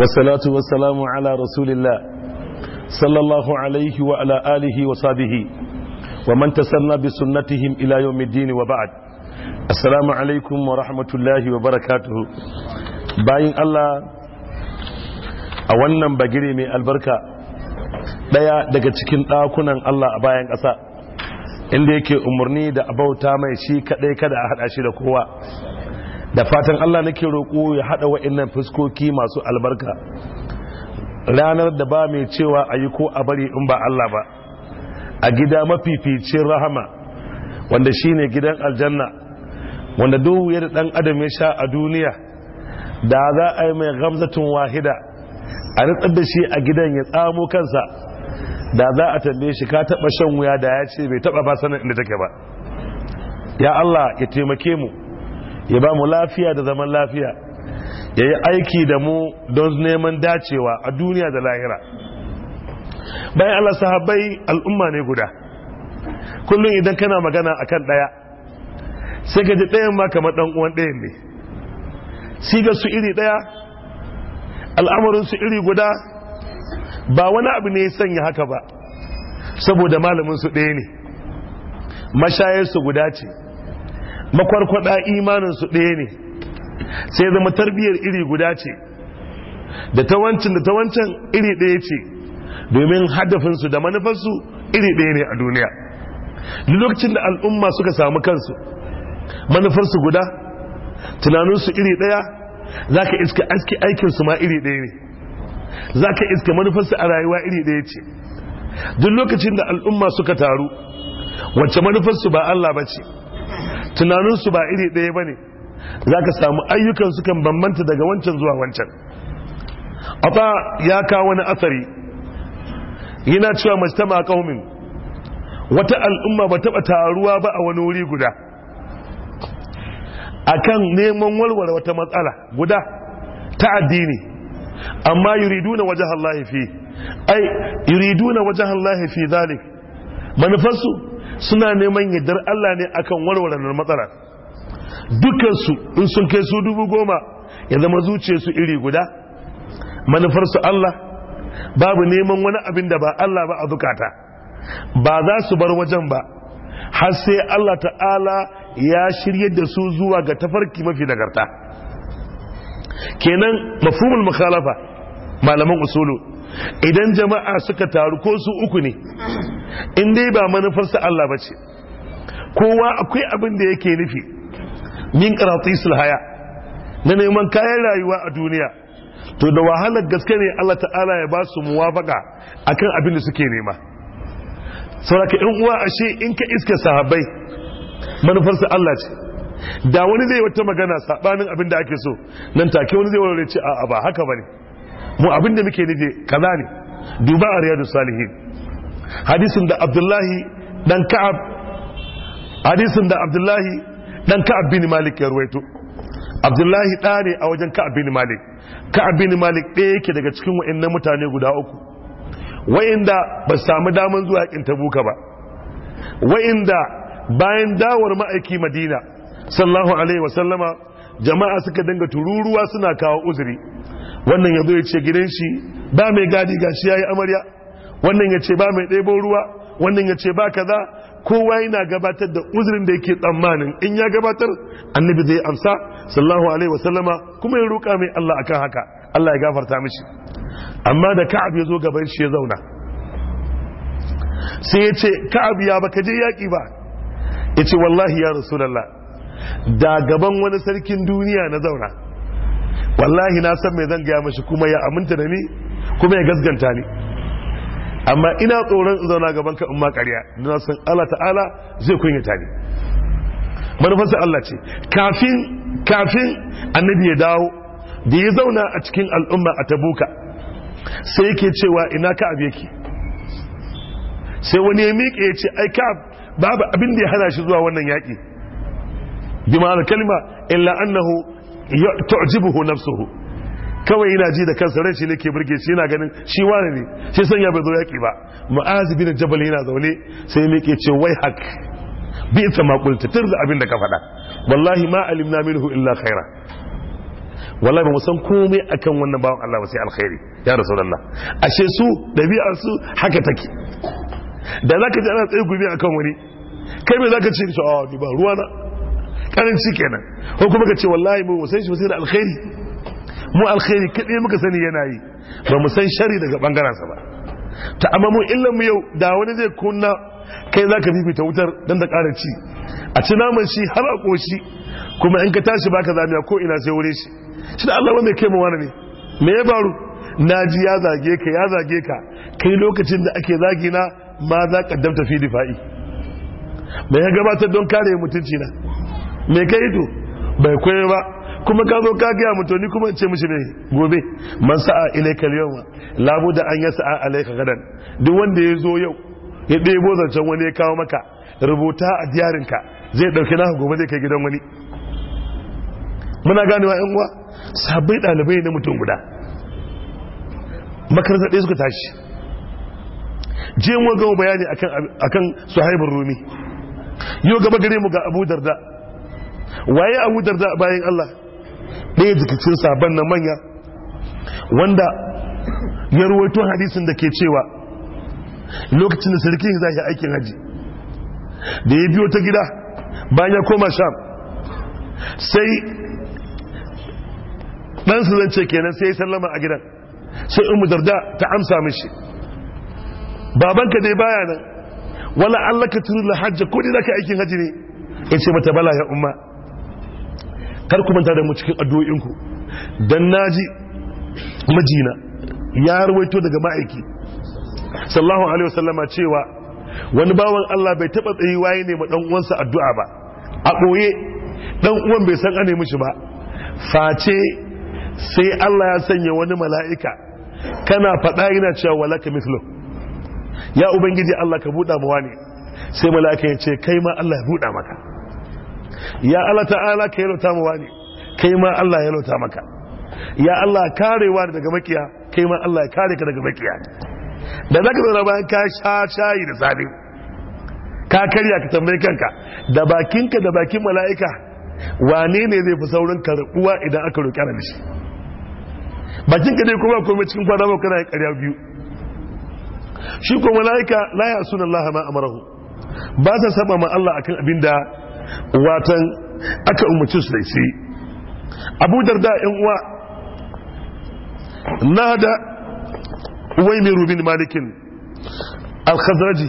والصلاة والسلام على رسول الله صلى الله عليه وعلى آله وصحبه ومن تسنى بسنتهم إلى يوم الدين وبعد السلام عليكم ورحمة الله وبركاته باين الله أولا بقري من البركة daya daga cikin ɗakunan Allah a bayan ƙasa inda yake umarni da abauta mai shi kaɗai kada a haɗa shi da kowa da fatan Allah nake roƙo ya haɗa wa'annan fuskoki masu albarka ranar da ba mai cewa a yi ko a bari in ba Allah ba a gida mafificin rahama wanda shine gidan aljanna wanda duk da ɗan adam ya sha a duniya da za a yi mai gamzatun wahida a nutsar da shi a gidan ya tsamo kansa da za a tambaye shi ka taɓa shan wuya da ya ce bai taɓa ba sanin inda take ba ya Allah ya taimake mu ya ba mu lafiya da zaman lafiya ya yi aiki da mu don neman dacewa a duniya da lahira bayan Allah sahabai al'umma ne guda kullum idan kana magana a kan ɗaya sai ka ji ɗayan ma kamar ɗan uwan ɗayan ne sigar su iri ɗaya al'amarin su iri guda ba wani abu ne ya sanya haka ba saboda malamin su ɗaya ne mashayar su guda ce makwarkwada imanin su ɗaya ne sai zama tarbiyyar iri guda ce da ta wancan da ta wancan iri ɗaya ce domin hadafinsu da manufarsu iri ɗaya ne a duniya lokacin da al'umma suka samu kansu manufarsu guda tunaninsu iri ɗaya za ka iska aski aikinsu ma iri ɗaya ne za ka iska manufarsu a rayuwa iri ɗaya ce duk lokacin da al'umma suka taru wacce manufarsu ba Allah ba ce tunaninsu ba iri ɗaya ba ne za ka samu ayyukan sukan bambanta daga wancan zuwa wancan afa ya kawo wani asari yana cewa majtama kaumin wata al'umma ba taɓa taruwa ba a wani wuri guda akan neman warware wata matsala guda ta addini amma yuriduna wajen Allah fi ai yuriduna wajen Allah fi zalik manufarsu suna neman yardar Allah ne akan warware matsala dukansu in sun kai su dubu goma ya zama zuce su iri guda manufarsu Allah babu neman wani abin da ba Allah ba a zukata ba za su bar wajen ba har sai Allah ta'ala ya shirye da su zuwa ga tafarki mafi nagarta kenan mafhumul mukhalafa malaman usulu idan jama'a suka taru ko su uku ne in dai ba manufarsa Allah bace. kowa akwai abin da yake nufi min karatisul haya na neman kayan rayuwa a duniya to da wahalar gaske ne Allah ta'ala ya ba su muwafaka akan abin da suke nema sauraka in uwa ashe in ka iska sahabbai manufarsa Allah ce da wani zai wata magana sabanin abin da ake so nan take wani zai warware ce a'a ba haka bane mu abin da muke nufi kaza ne duba a riyadu salihin hadisin da abdullahi dan ka'ab hadisin da abdullahi dan ka'ab bin malik ya ruwaito abdullahi ɗa ne a wajen ka'ab bin malik ka'ab bin malik ɗaya yake daga cikin wa'annan mutane guda uku wa'inda ba samu daman zuwa yakin tabuka ba wa'inda bayan dawar ma'aiki madina sallallahu alaihi wasallama jama'a suka dinga tururuwa suna kawo uzuri wannan ya zo ya ce gidan shi ba mai gadi ga shi ya yi amarya wannan ya ce ba mai ɗebo ruwa wannan ya ce ba kaza kowa yana gabatar da uzurin da yake tsammanin in ya gabatar annabi zai amsa sallallahu alaihi wasallama kuma ya ruka mai Allah akan haka Allah ya gafarta mishi amma da ka'ab ya zo gaban shi ya zauna sai ya ce ka'ab ya baka je yaƙi ba ya ce wallahi ya rasulallah da gaban wani sarkin duniya na zauna wallahi na san mai zan gaya mashi kuma ya aminta da ni kuma ya gasganta ni amma ina tsoron zauna gaban ka in ma ƙarya na san Allah ta'ala zai kunyata ni manufarsa Allah ce kafin kafin annabi ya dawo da ya zauna a cikin al'umma a tabuka sai yake cewa ina ka abe yake sai wani ya miƙe ya ce ai ka babu abin da ya hana shi zuwa wannan yaƙi bi ma'ana kalma illa annahu tu'jibuhu nafsuhu kawai yana ji da kansa ran shi ne ke burge shi yana ganin shi wani ne shi sanya bai zo yaki ba mu'azi bin jabal yana zaune sai ne ke ce wai hak bi ita ma kulta tirza abin da ka faɗa wallahi ma alimna minhu illa khaira wallahi ba mu san komai akan wannan bawan Allah ba sai alkhairi ya rasulullah ashe su dabi'ar su haka take da zaka ji ana tsaye gobe akan wani kai me zaka ce ah, ni ba ruwana karanci kenan ko kuma ka ce wallahi mu san shi da alkhairi mu alkhairi kadai muka sani yana yi ba mu san shari daga bangaren sa ba ta amma mu illan mu yau da wani zai kunna kai zaka fifita wutar dan da ƙara ci a ci naman shi har a koshi kuma in ka tashi baka zamiya ko ina sai wuri shi shi da Allah wanda kai mu wani ne me ya faru naji ya zage ka ya zage ka kai lokacin da ake zagina ma za ka damta fi difa'i me ya gabatar don kare mutunci na Mai kai ido bai koyar ba kuma ka zo ka gaya mutum ni kuma ce mishi ne gobe man sa'a ilaika wa. labu da an alai alaika gadan duk wanda ya zo yau ya ɗebo zancen wani ya kawo maka rubuta a diyarinka zai ɗauki na gobe zai kai gidan wani muna ganewa yan uwa sabbin ɗalibai na mutum guda makar ɗaya suka tashi je mu gama bayani akan suhaibin rumi yau gaba gare mu ga abu darda waye abu darda bayan Allah ɗaya jikicin sabon na manya wanda ya ruwaito hadisin da ke cewa lokacin da sarki za shi aikin haji da ya biyo ta gida bayan ya koma sham sai ɗansu zance kenan sai ya sallama a gidan sai umu darda ta amsa mishi babanka dai baya nan wala allaka turu hajja ko dai zaka aikin haji ne ya ce mata bala ya umma kar ku manta da mu cikin ku dan naji majina ya rawaito daga ma'aiki sallallahu alaihi wasallama cewa wani bawan Allah bai taba tsayi waye ne ma dan uwansa addu'a ba a ɓoye dan uwan bai san ane mishi ba face sai Allah ya sanya wani mala'ika kana faɗa yana cewa walaka mislu ya ubangiji Allah ka buɗa mu wani sai mala'ika ya ce kai ma Allah ya buɗa maka ya Allah ta'ala ka yalo ta muwani kai ma Allah ya ta maka ya Allah karewa daga makiya kai ma Allah ya kare ka daga makiya da zaka zo bayan ka sha shayi da safe ka karya ka tambayi kanka da bakinka da bakin mala'ika wane ne zai fi saurin karbuwa idan aka roƙi ana shi bakinka dai kuma komai cikin kwana ba kana ƙarya biyu shi ko mala'ika la ya sunan Allah ma amarahu ba sa saba ma Allah akan abinda watan aka umarci su da shi abu darda yan uwa na da mai rubin malikin al-khazraji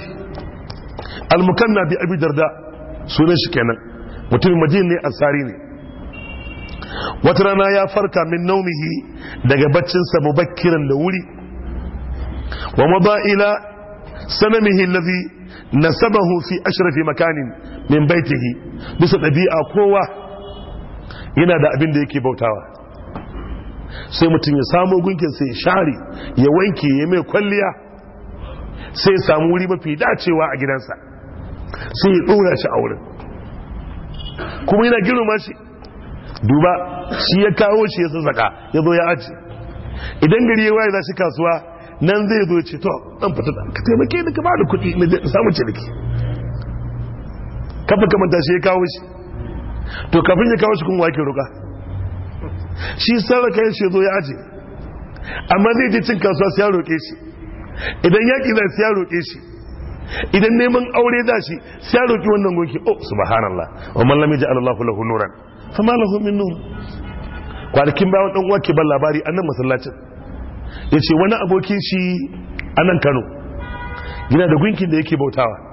al-mukanna bi abi darda sunan shi kenan mutumin madina ne asari ne wata rana ya farka min naumihi daga baccinsa kiran da wuri wa mada ila sanamihi allazi nasabahu fi ashrafi makanin min baitihi bisa ɗabi'a kowa yana da abin da yake bautawa sai mutum ya samu gunkin sai share ya wanke ya mai kwalliya sai ya samu wuri mafi dacewa a gidansa sai ya dora shi a wurin kuma yana girma shi duba shi ya kawo shi ya sassaka ya zo ya aji idan gari ya waye za shi kasuwa nan zai zo ce to ɗan fita ka taimake ni ka ba da kuɗi na samun ciniki kafin kamanta shi ya kawo shi to kafin ya kawo shi kuma wake roƙa shi sarrafa ya shi zo ya aje amma zai ji cin kasuwa sai ya roƙe shi idan yaƙi zai sai ya roƙe shi idan neman aure za shi sai ya roƙi wannan goki oh subhanallah wa mallami ji yaj'al Allahu lahu nuran ma lahu min nur kwanakin ba dan uwa ke ban labari nan masallacin ce wani abokin shi a nan Kano yana da gunkin da yake bautawa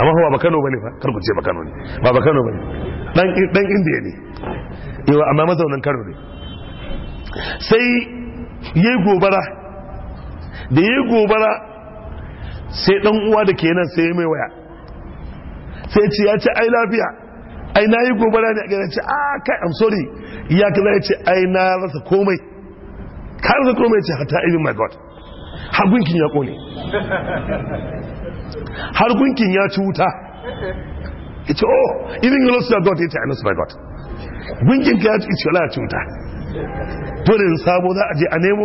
amma ba bakano bane fa kar ku ce bakano ne ba bakano bane dan dan indiya ne yawa amma mazaunin kano ne sai yayi gobara da yayi gobara sai dan uwa da kenan sai mai waya sai ce ya ce ai lafiya ai na yi gobara ne a gare ce ah kai i'm sorry ya ka zai ce ai na rasa komai ka rasa komai ce hatta even my god hagunkin ya kone har gunkin ya ci wuta ya ce oh even you lost your god ya ce i lost my god gunkin ka ya ci wala ya ci wuta dole in sabo za a je a nemo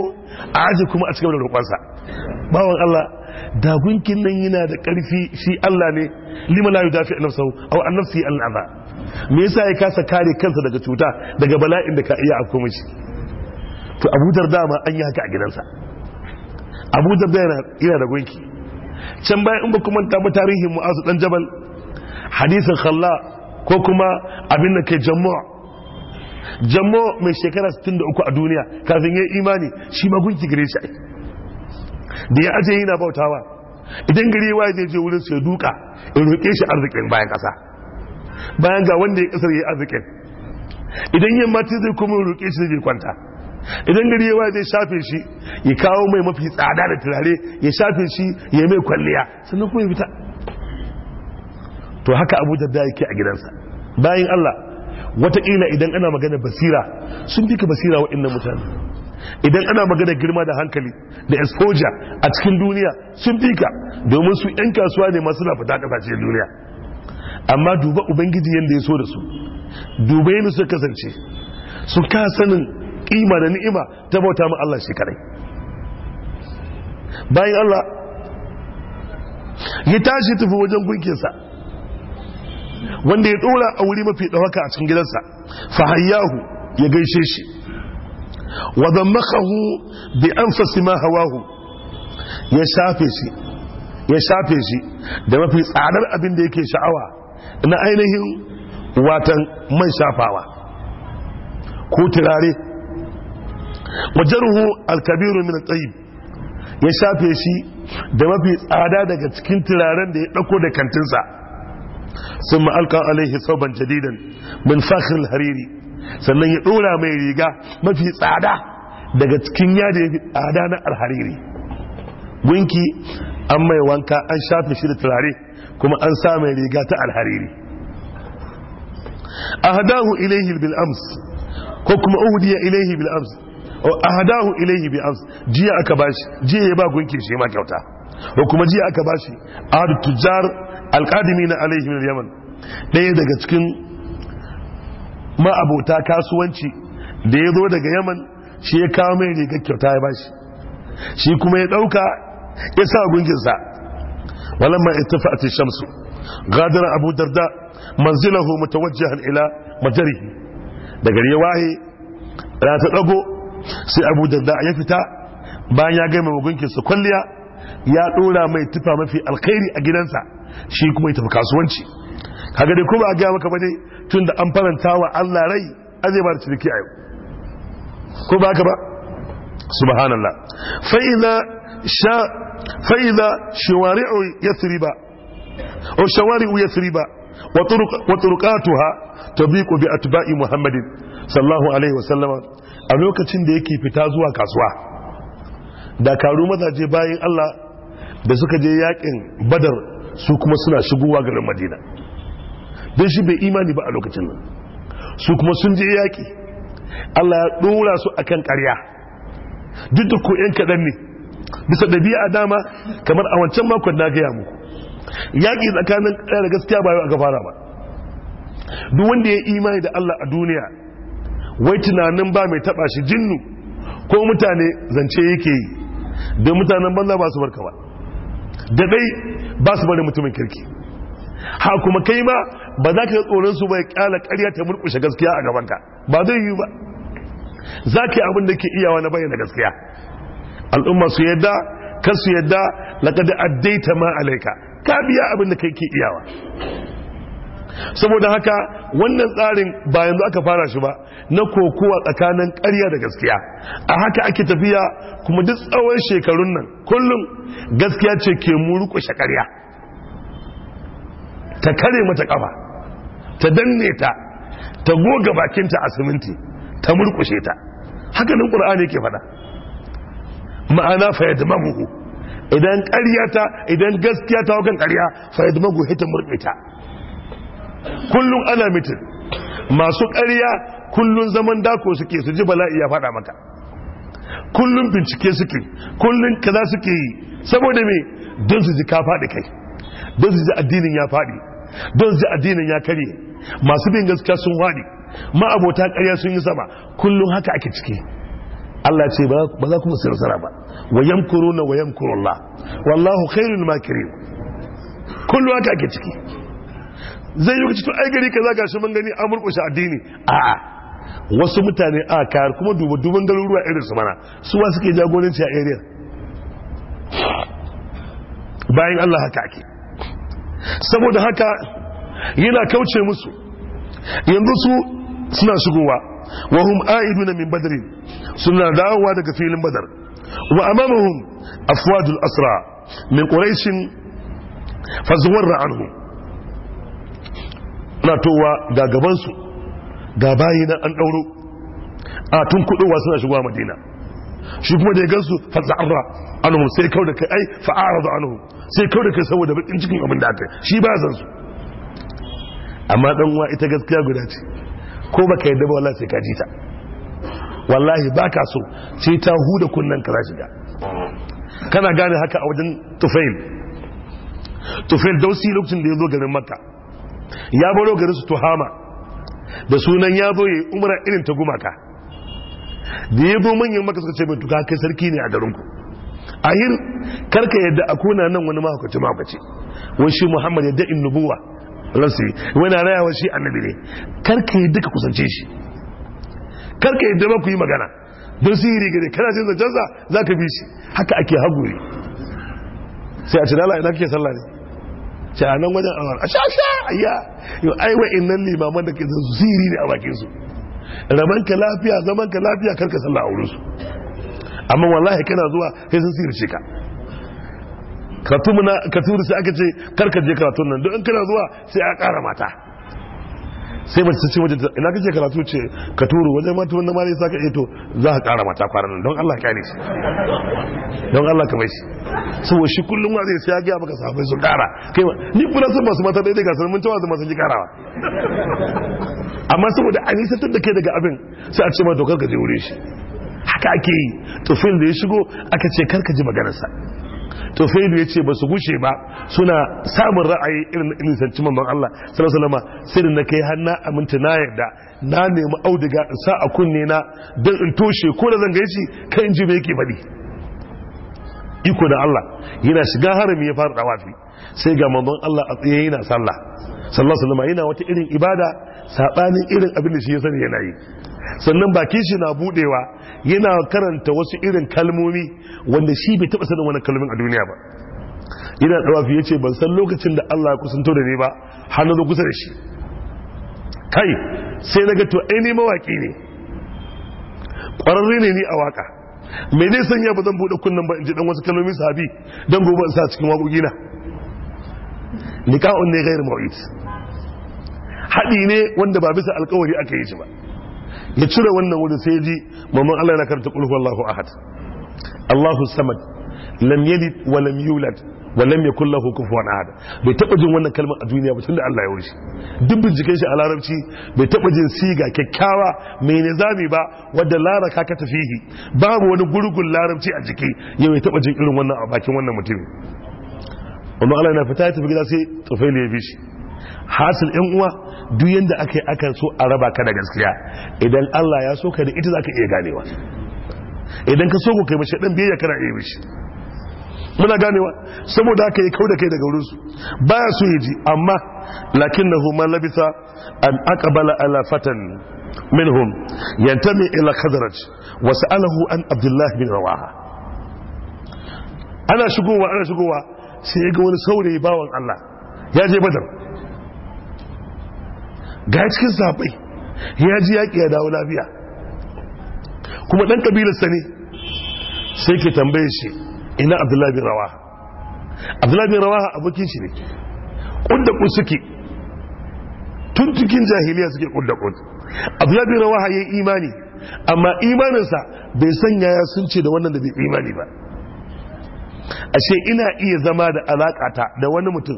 a aji kuma a cikin da roƙonsa bawan Allah da gunkin nan yana da ƙarfi shi Allah ne lima la yudafi nafsahu aw an nafsi an adha me yasa ya kasa kare kansa daga cuta daga bala'in da ka iya afko mishi to Abu Darda ma an yi haka a gidansa Abu Darda yana da gunki can bayan in ba kuma ta ba tarihin mu'azu dan jabal hadisin khalla ko kuma abin da ke jama'a jama'a mai shekara 63 a duniya kafin yayi imani shi ma gunki gare shi da ya aje yana bautawa idan gari ya waje je wurin sai duka in roke shi arzikin bayan kasa bayan ga wanda ya kasar yayi arzikin idan yamma ta zai kuma roke shi zai kwanta idan gari yawa zai shafe shi ya kawo mai mafi tsada da turare ya shafe shi ya mai kwalliya sannan kuma ya fita to haka abu da yake a gidansa bayan allah wataƙila idan ana magana basira sun fi ka basira inna mutane idan ana magana girma da hankali da exposure a cikin duniya sun fi ka domin su 'yan kasuwa ne masu na fita kasashen duniya amma duba ubangiji yadda ya so da su dubai yadda suka kasance su ka sanin kima da ni'ima ta bauta mu Allah shi kare bayan Allah ya tashi tafi wajen gunkinsa wanda ya dora a wuri mafi ɗauka a cikin gidansa Fahayyahu ya gaishe shi wa makahu bi anfasi ma hawahu ya shafe shi ya shafe shi da mafi tsadar abin da yake sha'awa na ainihin watan mai shafawa ko turare Majaruhu alkabiru min tsayib ya shafe shi da mafi tsada daga cikin turaren da ya ɗauko da kantinsa sun ma'alka alaihi sauban jadidan min fashin hariri sannan ya ɗora mai riga mafi tsada daga cikin yadda ya fi tsada na alhariri gunki an mai wanka an shafe shi da turare kuma an sa mai riga ta alhariri ahdahu ilaihi bil ams ko kuma uhudiya ilaihi bil ams ahadahu ilayhi bi ams jiya aka bashi jiya ya ba gunki shi ma kyauta ko kuma jiya aka bashi ahadu tujjar alqadimin alayhi min yaman daya daga cikin ma'abota kasuwanci da ya zo daga yaman shi ya kawo mai rigar kyauta ya bashi shi kuma ya dauka ya sa sa walamma ittafa'at ash-shamsu غادر أبو درداء منزله متوجها إلى daga دقر يواهي لا ɗago. sai abu darda ya fita bayan ya gaima magunkin su kwalliya ya dora mai tufa mafi alkhairi a gidansa shi kuma ya tafi kasuwanci kaga dai kuma a gaya maka bane tun da an faranta wa Allah rai azai ba da ciniki a yau ko ba haka ba subhanallah fa ila sha fa ila shawari'u yathriba aw shawari'u yathriba wa turuqatuha tabiqu bi atba'i muhammadin Sallahu alaihi wasallama a lokacin da yake fita zuwa kasuwa dakaru mazaje bayan Allah da suka je yakin badar su kuma suna shigowa garin madina don shi bai imani ba a lokacin nan su kuma sun je yaki Allah ya dora su akan karya duk da ko 'yan kaɗan ne bisa ɗabi'a dama kamar a wancan makon na gaya muku yaƙi tsakanin ƙarya da gaskiya ba yau aka fara ba duk wanda ya imani da Allah a duniya wai tunanin ba mai taba shi jinnu ko mutane zance yake yi da mutanen banza ba su barka ba da dai ba su bari mutumin kirki ha kuma kai ma ba za ka tsoron su bai kyala karya ta murkushe gaskiya a gaban ka ba zai yi ba za ka yi abin da ke iyawa na bayyana gaskiya al'umma su yadda kan su yadda laƙada addaita ma alaika ka biya abin da kai ke iyawa saboda haka wannan tsarin ba yanzu aka fara shi ba na kokowa tsakanin ƙarya da gaskiya a haka ake tafiya kuma duk tsawon shekarun nan kullum gaskiya ce ke murƙushe ƙarya ta kare mata ƙafa ta danne ta ta goga bakinta a siminti ta murƙushe ta haka nan ƙur'ani ke faɗa ma'ana fayad yadmahu idan idan gaskiya ta wakan ƙarya fayad yadmahu hita murƙita kullum ana mitin masu ƙariya kullum zaman dako suke su ji bala'i ya fada maka kullum bincike suke kullum kaza suke yi saboda me don su ji ka faɗi kai don su ji addinin ya faɗi don su ji addinin ya karye masu bin gaskiya sun faɗi ma abota ƙarya sun yi sama kullum haka ake ciki Allah ce ba za kuma sara ba wa na wa Allah. wallahu khairul makirin kullum haka ake ciki zai yi kaci aigari ka za ka gashi mun gani addini a wasu mutane a kayar kuma duba duban garuruwa irin su mana su wa suke jagoranci a area bayan Allah haka ake saboda haka yana kauce musu yanzu su suna shigowa wa hum aiduna min badari suna dawowa daga filin badar wa amamahum afwadul asra min quraishin fazuwar anhum na towa ga gabansu ga bayi an ɗauro a tun kuɗowa suna shigowa madina shi kuma da ya gansu fasa'arra anuhu sai kawo da kai ai fa'ara da anuhu sai kawo da kai saboda bakin cikin abin da aka shi ba zan su amma dan wa ita gaskiya guda ce ko baka yadda ba wallahi sai ka ji ta wallahi baka so sai ta huda kunnan ka shiga kana gane haka a wajen tufail tufail dausi lokacin da ya zo garin makka ya baro garin su tuhama da sunan ya zo ya umara irin ta gumaka da ya zo manyan maka suka ce mai tuka kai sarki ne a garinku ahir karka yadda a kuna nan wani mahaukaci mahaukaci wai shi muhammad yadda in nubuwa ransu wani wa shi annabi ne karka yadda ka kusance shi karka yadda ba ku yi magana don su yi rigare kana cin zancensa za ka bi shi haka ake haguri sai a ce lala ina kake sallah ne ce a nan wajen anwar a shasha ayya yau ai wa'in nan limaman da ke ziri ne a su raman ka lafiya zaman ka lafiya karka salla a wurinsu amma wallahi kana zuwa sai sun sirri ka ka tumna sai aka ce karka je karatun nan don in kana zuwa sai a kara mata sai mace ce wajen ina kake karatu ce ka turu wajen mata wanda mali sa ka eto eh, za ka kara mata kwara nan don Allah kare shi don Allah ka mai shi saboda shi kullum ma zai sai ya baka sahabbai su kara kai ni kuma san masu mata daidai gasar mun tawa da masu ji karawa amma saboda an yi da kai daga abin sai a ce ma dokar ka je wuri shi haka ake yi tufin da ya shigo aka ce karka ji maganarsa to sai ya ce ba su gushe ba suna samun ra'ayi irin irin sanci manzon Allah sallallahu sai da na kai hanna aminta na yadda na nemi auduga in sa a kunne na don in toshe ko da zan yace kai in ji me yake faɗi iko da Allah yana shiga harami ya fara dawafi sai ga manzon Allah a tsaye yana sallah sallallahu yana wata irin ibada saɓanin irin abin da shi ya sani yana yi sannan baki shi na budewa yana karanta wasu irin kalmomi wanda shi bai taba sanin wani kalmomin a duniya ba ina dawafi ya ce ban san lokacin da Allah ya kusanto da ni ba har na zo kusa da shi kai sai na ga to ai ne mawaki ne ƙwararre ne ni a waka me ne sanya ba zan buɗe kunnen ba in ji dan wasu kalmomi sahabi dan gobe in sa cikin waƙoƙi na nikahun ne gairu mawuyi haɗi ne wanda ba bisa alkawari aka yi shi ba ya cire wannan wurin sai ji mamman Allah na karta kulhu Allahu ahad Allahu samad lam yalid wa lam yulad wa lam yakul lahu kufuwan ahad bai taɓa jin wannan kalmar a duniya ba tunda Allah ya wuce duk binciken shi a larabci bai taɓa jin siga kyakkyawa mai nizami ba wadda laraka ka tafihi babu wani gurgun larabci a jiki Yau ya bai taba jin irin wannan a bakin wannan mutum amma Allah na fita ya tafi gida sai tufaili ya bi shi hasil yan uwa duk yadda aka yi aka so a raba ka da gaskiya idan Allah ya so ka da ita zaka iya ganewa idan ka so ku kai mashi ɗan biyayya kana iya mishi muna ganewa saboda haka yi kau da kai daga wurinsu. su baya so ya ji amma na homa labisa an akabala ala fatan minhum yantami ila kadaraj wa sa'alahu an abdullahi bin rawaha ana shigowa ana shigowa sai ya ga wani saurayi bawan Allah ya je badar ga cikin sabai ya ji yaƙi ya dawo lafiya kuma ɗan ƙabilarsa ne sai ke tambaye shi ina abdullahi bin rawa abdullahi bin rawa abokin shi ne ƙudda suke tun cikin jahiliya suke ƙudda ƙun abdullahi bin rawa ya yi imani amma imaninsa bai sanya ya sun ce da wannan da bai imani ba ashe ina iya zama da alakata da wani mutum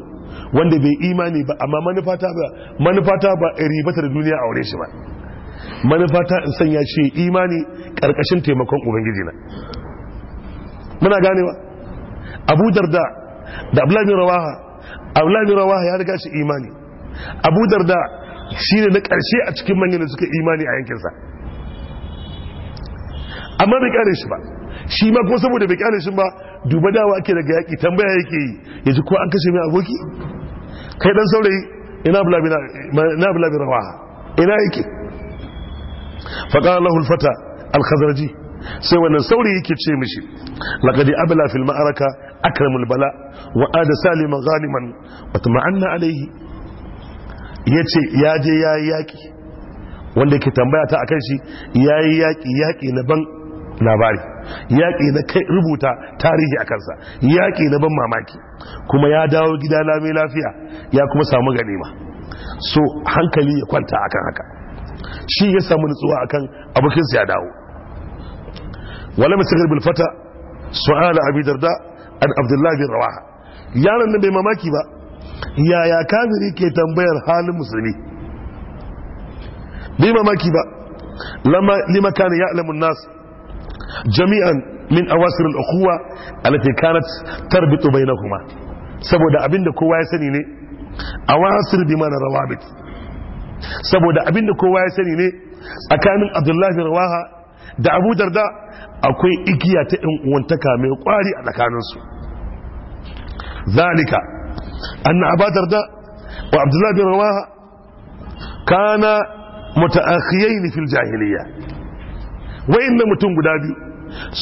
wanda bai imani ba amma manufata ba manufata ba da duniya aure shi ba manufata in sanya shi imani karkashin taimakon ubangiji na muna ganewa abu darda da abdullahi rawaha abdullahi rawaha ya riga shi imani abu darda ne na karshe a cikin manyan da suka imani a yankinsa amma bai kare shi ba shi ma ko saboda bai kare shi ba duba dawa ake daga yaƙi tambaya yake yi ya ji ko an kashe mai aboki kai dan saurayi ina bulabi rawa ina yake faƙarar lahul fata alkhazarji sai wannan saurayi yake ce mishi laƙadi abla fil ma'araka akramul bala wa ada saliman ghaliman wa tama'anna alaihi yace ya je yi yaƙi. wanda ke tambaya ta akan shi yayi yaki yaƙi na ban labari yaƙi na kai rubuta tarihi a kansa yaƙi na ban mamaki kuma ya dawo gida mai lafiya ya kuma samu ganima so hankali ya kwanta akan haka shi ya samu nutsuwa akan abokinsa ya dawo wala musagar bil fata su'ala abi darda an abdullahi bin rawaha yaron nan bai mamaki ba yaya kafiri ke tambayar halin musulmi bai mamaki ba lima ya ya'lamun nasu جميعا من أواصر الأخوة التي كانت تربط بينهما سبو دا أبين دا كواي سنيني أواصر بمعنى روابط سبو دا أبين دا كواي سنيني أكان عبد الله رواها دا أبو درداء أكوي إكيا تئن وانتكا من قواري على كاننسو ذلك أن أبا درداء وعبد الله بن رواها كان متأخيين في الجاهلية wa'in mutum guda biyu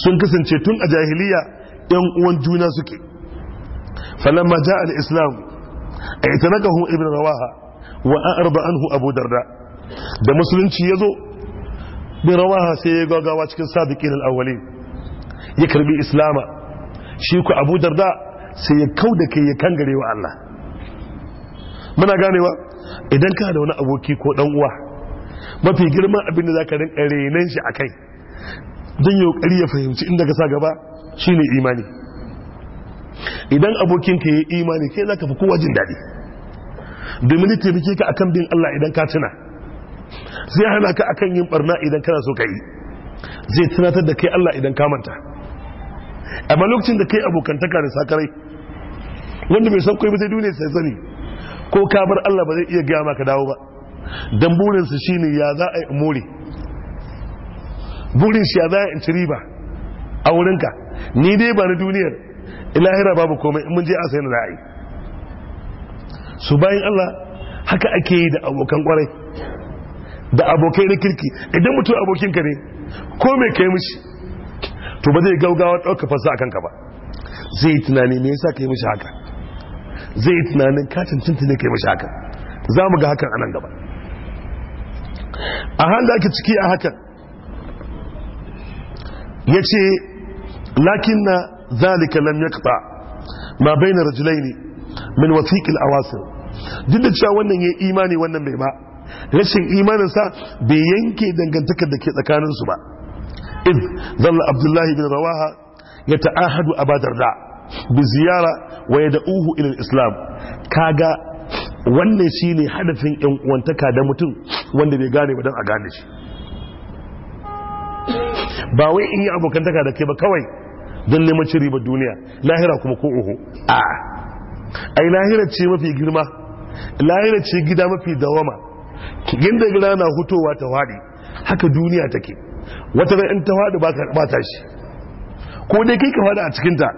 sun kasance tun a jahiliya yan uwan juna suke falamma ja al-islam a itanakahu ibn rawaha wa an arba abu darda da musulunci ya zo bin rawaha sai ya gagawa cikin sabiqin al-awwalin ya karbi islama shi ku abu darda sai ya kau da kai ya kangare wa Allah muna ganewa idan ka da wani aboki ko dan uwa mafi girman abin da zaka rinka renan shi a kai. don yau ƙari ya fahimci inda ka sa gaba shi ne imani idan abokinka ka yi imani kai za ka fi kowa jin daɗi domin ya taimake ka akan bin Allah idan ka tuna zai hana ka akan yin barna idan kana so ka yi zai tunatar da kai Allah idan ka manta amma lokacin da kai abokantaka da sakarai wanda bai san kai ba sai duniya sai sani ko ka bar Allah ba zai iya gaya maka dawo ba dan burinsa shine ya za a yi more burin shi ya in ci riba a wurinka ni dai ba na duniyar ilahira babu komai in mun je a na ra'ayi su bayan Allah haka ake yi da abokan kwarai da abokai na kirki idan mutum ka ne ko mai kai mishi to ba zai gaugawa ɗauka fasa a kanka ba zai yi tunani me yasa kai mishi haka zai yi tunanin kacin cancanta ne kai mishi haka za mu ga hakan a nan gaba a handa da ake ciki a hakan ya ce lakin na zalika lam ya kaɓa ma bai na rajulai ne min wasiƙil awasir duk da cewa wannan ya imani wannan bai ba rashin imaninsa bai yanke dangantakar da ke tsakaninsu ba Abdullahi إذ ظل عبد الله بن رواها يتعاهد أبا درداء بزيارة ويدعوه إلى islam kaga wannan shine hadafin yan uwantaka da mutum wanda bai gane ba dan a gane shi ba wai in yi abokantaka da kai ba kawai don neman cin ba duniya lahira kuma ko uhu a ai lahira ce mafi girma lahira ce gida mafi dawama ginda gida na hutowa ta wadi haka duniya take wata ran in ta wadi ba ta shi ko dai kai ka fada a cikinta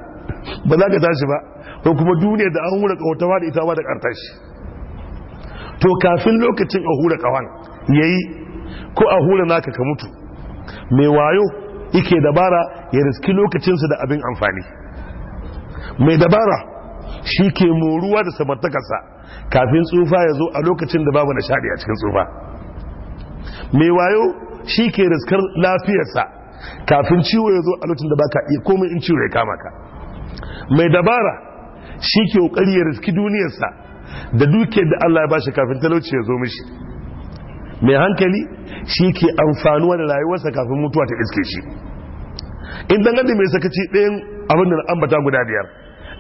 ba za ka tashi ba ko kuma duniya da an hura kawotawa da ita ba da shi to kafin lokacin a hura kawan yayi ko a hura naka ka mutu mai wayo yake dabara ya riski lokacinsa da abin amfani mai dabara shi ke moruwa da samartakarsa kafin tsufa ya zo a lokacin da babu shaɗi a cikin tsufa mai wayo shi ke riskar lafiyarsa kafin ciwo ya zo a lokacin da baka iya komai in ciwo ya kama ka mai dabara shi ke kokari ya riski duniyarsa da duke da Allah ya bashi kafin talauci ya zo mishi mai hankali shi ke amfanuwa da rayuwarsa kafin mutuwa ta iske shi in dangane mai sakaci ɗayan abin na ambata guda biyar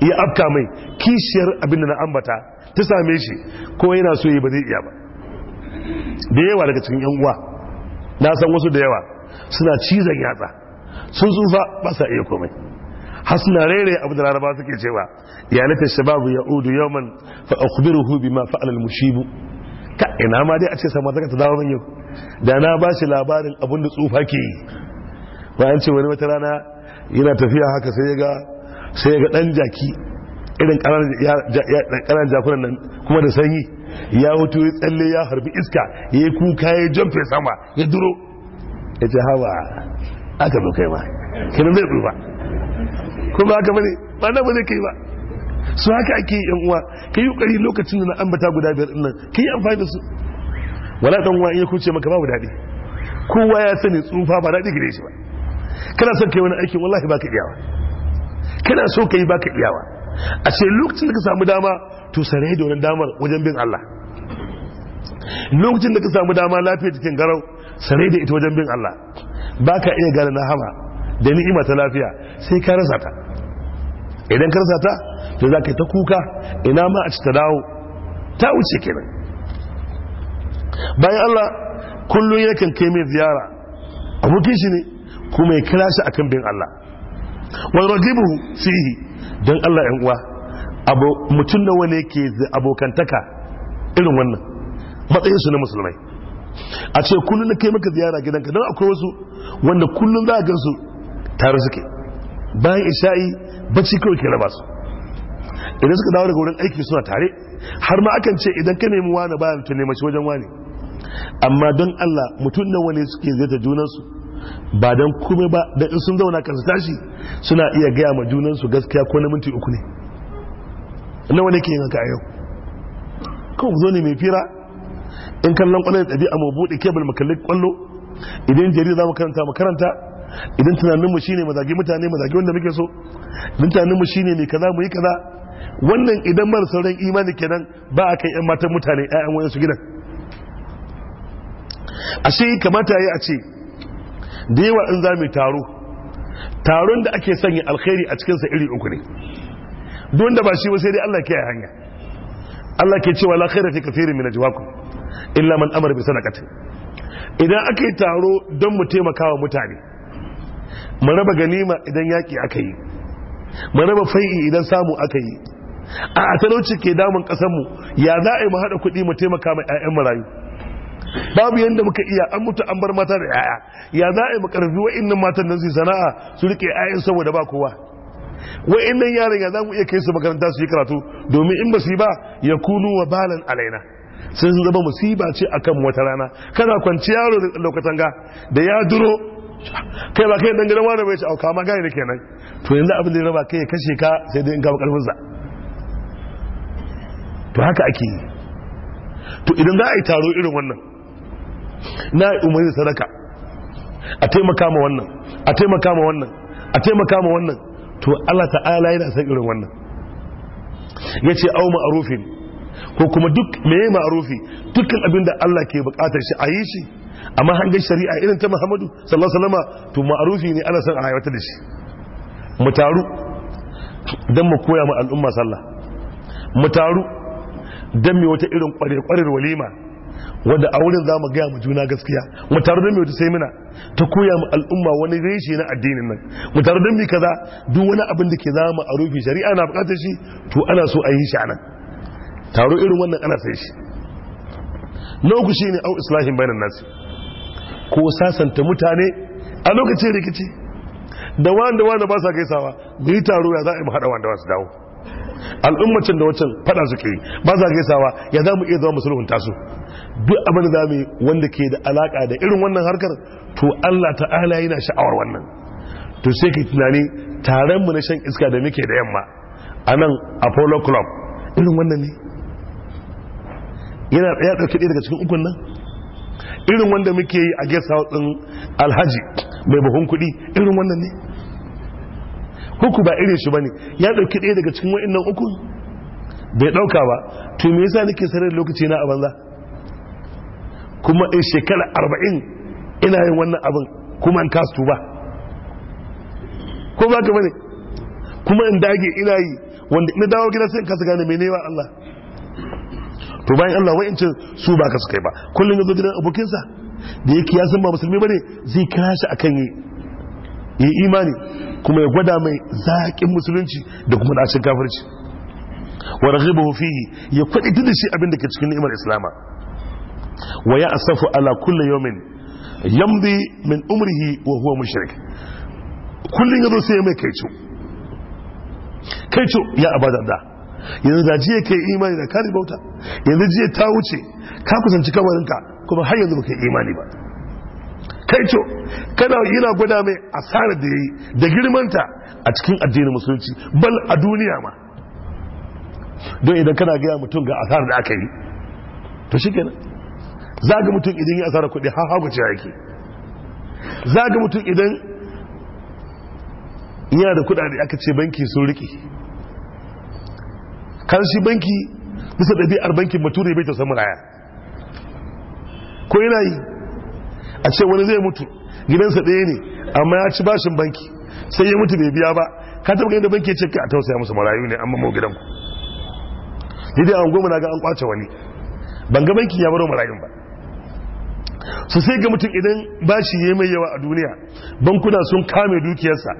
ya afka mai kishiyar abinda na ambata ta same shi ko yana so yi ba zai iya ba da yawa daga cikin yan uwa na san wasu da yawa suna cizon yatsa sun tsufa ba sa iya komai har suna rere abu da laraba suke cewa ya nufin shababu ya udu yawon fa'akubiru hu bi ma al-mushibu ka ina ma dai a ce sama zaka ta dawo min yau da na ba shi labarin abin da tsufa ke yi bayan ce wani wata rana yana tafiya haka sai ya ga sai ya ga dan jaki irin ƙananan jakunan nan kuma da sanyi ya wuto ya tsalle ya harbi iska ya yi kuka ya jamfe sama ya duro ya ce hawa aka zo kai ma zai ba kuma aka bane ba na ba kai ba su haka ake yan uwa ka yi kokari lokacin da na ambata guda biyar din nan ka yi amfani da su wala dan uwa in ya kuce maka babu daɗi kowa ya sani tsufa ba daɗi gare shi ba kana son kai wani aikin wallahi baka iyawa kana so kai baka iyawa a ce lokacin da ka samu dama to sarai da wannan damar wajen bin Allah lokacin da ka samu dama lafiya cikin garau sarai da ita wajen bin Allah baka iya gane na hama da ni'ima ta lafiya sai ka rasa ta idan ka rasa ta to za ka ta kuka ina ma a dawo ta wuce kenan bayan allah kullum yakan kai mai ziyara abokin shi ne kuma ya kira shi akan bin allah wani rajibu fihi don allah yan uwa mutum da wani ke abokantaka irin wannan matsayin su na musulmai a ce kullum na kai maka ziyara gidanka don akwai wasu wanda kullum za a gansu tare suke bayan isha'i bacci kawai ke raba su idan suka dawo daga wurin aiki suna tare har ma akan ce idan ka nemi wani bayan to nema wajen wani amma don Allah mutum da wani suke zata junansu ba don kuma ba da in sun zauna kansu tashi suna iya gaya ma junansu gaskiya ko na minti uku ne na wani ke yin haka yau kan zo ne mai fira in kallon kwallon da a mu buɗe kebul makalli kalli kwallo idan jari za mu karanta mu karanta idan tunaninmu shine mazage mutane mazage wanda muke so idan tunaninmu shine mai kaza mu yi kaza wannan idan mara sauran imani kenan ba a kai 'yan matan mutane 'ya'yan wayansu gidan ashe kamata ya a ce da yawa in za mu taro taron da ake sanya alkhairi a cikinsa iri uku ne don da ba shi wasu sai Allah ke hanya Allah ke cewa la khaira fi kathirin mina jiwaku illa man amara bi sadaqati idan aka yi taro don mu taimaka wa mutane mu raba ganima idan yaƙi aka yi mu raba fai'i idan samu aka yi a talauci ke damun kasanmu ya za a yi mu haɗa kuɗi mu taimaka mai 'ya'yan marayu babu yadda muka iya an mutu an bar mata da 'ya'ya ya za a yi makarfi wa wa'innan matan nan su sana'a su riƙe 'ya'yan saboda ba kowa wa'innan yaran ya za mu iya kai su makaranta su yi karatu domin in ba su yi ba ya kunu wa balan alaina sun zama musiba ce akan wata rana kana kwanci yaro da lokacin ga da ya duro kai ba kai dangane wani bai auka ma da kenan to yanzu abin da ya raba kai ya kashe ka sai dai in gaba karfinsa to haka ake yi to idan za a yi taro irin wannan na yi umarni sadaka a taimaka ma wannan a taimaka ma wannan a taimaka ma wannan to Allah ta'ala yana san irin wannan yace ce au ma'rufin ko kuma duk meye ma'arufi dukkan abin da Allah ke bukatar shi a yi shi amma hangar shari'a irin ta Muhammadu sallallahu alaihi wasallam to ma'rufi ne ana san a aiwatar da shi mu taru mu koya ma al'umma sallah mu taru don mai wata irin kwarar walima wadda a wurin za mu gaya mu juna gaskiya mu don mai wata sai muna ta koya mu al'umma wani reshe na addinin nan mu taru don mai kaza duk wani abin da ke zama a rufe shari'a na bukatar shi to ana so a yi shi anan taro irin wannan ana sai shi na uku ne au islahin bayanan nasi ko sasanta mutane a lokacin rikici da wanda wanda ba sa gaisawa mu yi taro ya za a yi mu haɗa wanda wasu dawo al'ummacin da waccan fada suke ba za gaisawa ya za mu iya zama musulunta su duk abin da mu wanda ke da alaka da irin wannan harkar to Allah ta'ala yana sha'awar wannan to sai ka tunani taron mu na shan iska da muke da yamma a nan apollo club irin wannan ne yana ya dauke daga cikin ukun nan irin wanda muke yi a guest house din alhaji mai buhun kuɗi irin wannan ne huku ba irin shi bane ya dauki ɗaya daga cikin wa'annan uku bai dauka ba to me yasa nake sarar lokaci na a banza kuma in shekara arba'in ina yin wannan abin kuma in kasu ba ko ba ka bane kuma in dage ina yi wanda ina dawo gida sai in kasa gane mene wa Allah to bayan Allah ce su ba ka kai ba kullum yanzu gidan abokinsa da yake ya san ba musulmi bane zai kira shi akan yi yi imani kuma ya gwada mai zaƙin musulunci da kuma ɗacin kafirci wa raghibahu fihi ya kwadi da shi abin da ke cikin ni'imar islama wa ya asafu ala kulli yawmin yamdi min umrihi wa huwa mushrik kullun yazo sai mai kaico kaico ya abada da yanzu da jiya kai imani da kari bauta yanzu jiya ta wuce ka kusanci kawarinka kuma har yanzu baka imani ba kai co kana yana gwada mai asarar da ya yi da girmanta a cikin addinin musulunci bal a duniya ma don idan kana gaya mutum ga asarar da aka yi to shi kenan za mutum idan ya asarar kuɗi har haguce yake zaga ga mutum idan yana da kuɗaɗe aka ce banki sun riƙe kan shi banki bisa ɗabi'ar bankin mature bai ta samu raya ko yana yi a ce wani zai mutu gidansa ɗaya ne amma ya ci bashin banki sai ya mutu bai biya ba ka taɓa ganin da banki ya ce ka a tausaya musu marayu ne amma mau gidanku dai an goma na ga an kwace wani ban ga banki ya baro marayun ba su sai ga mutum idan bashi ya mai yawa a duniya bankuna sun kame dukiyarsa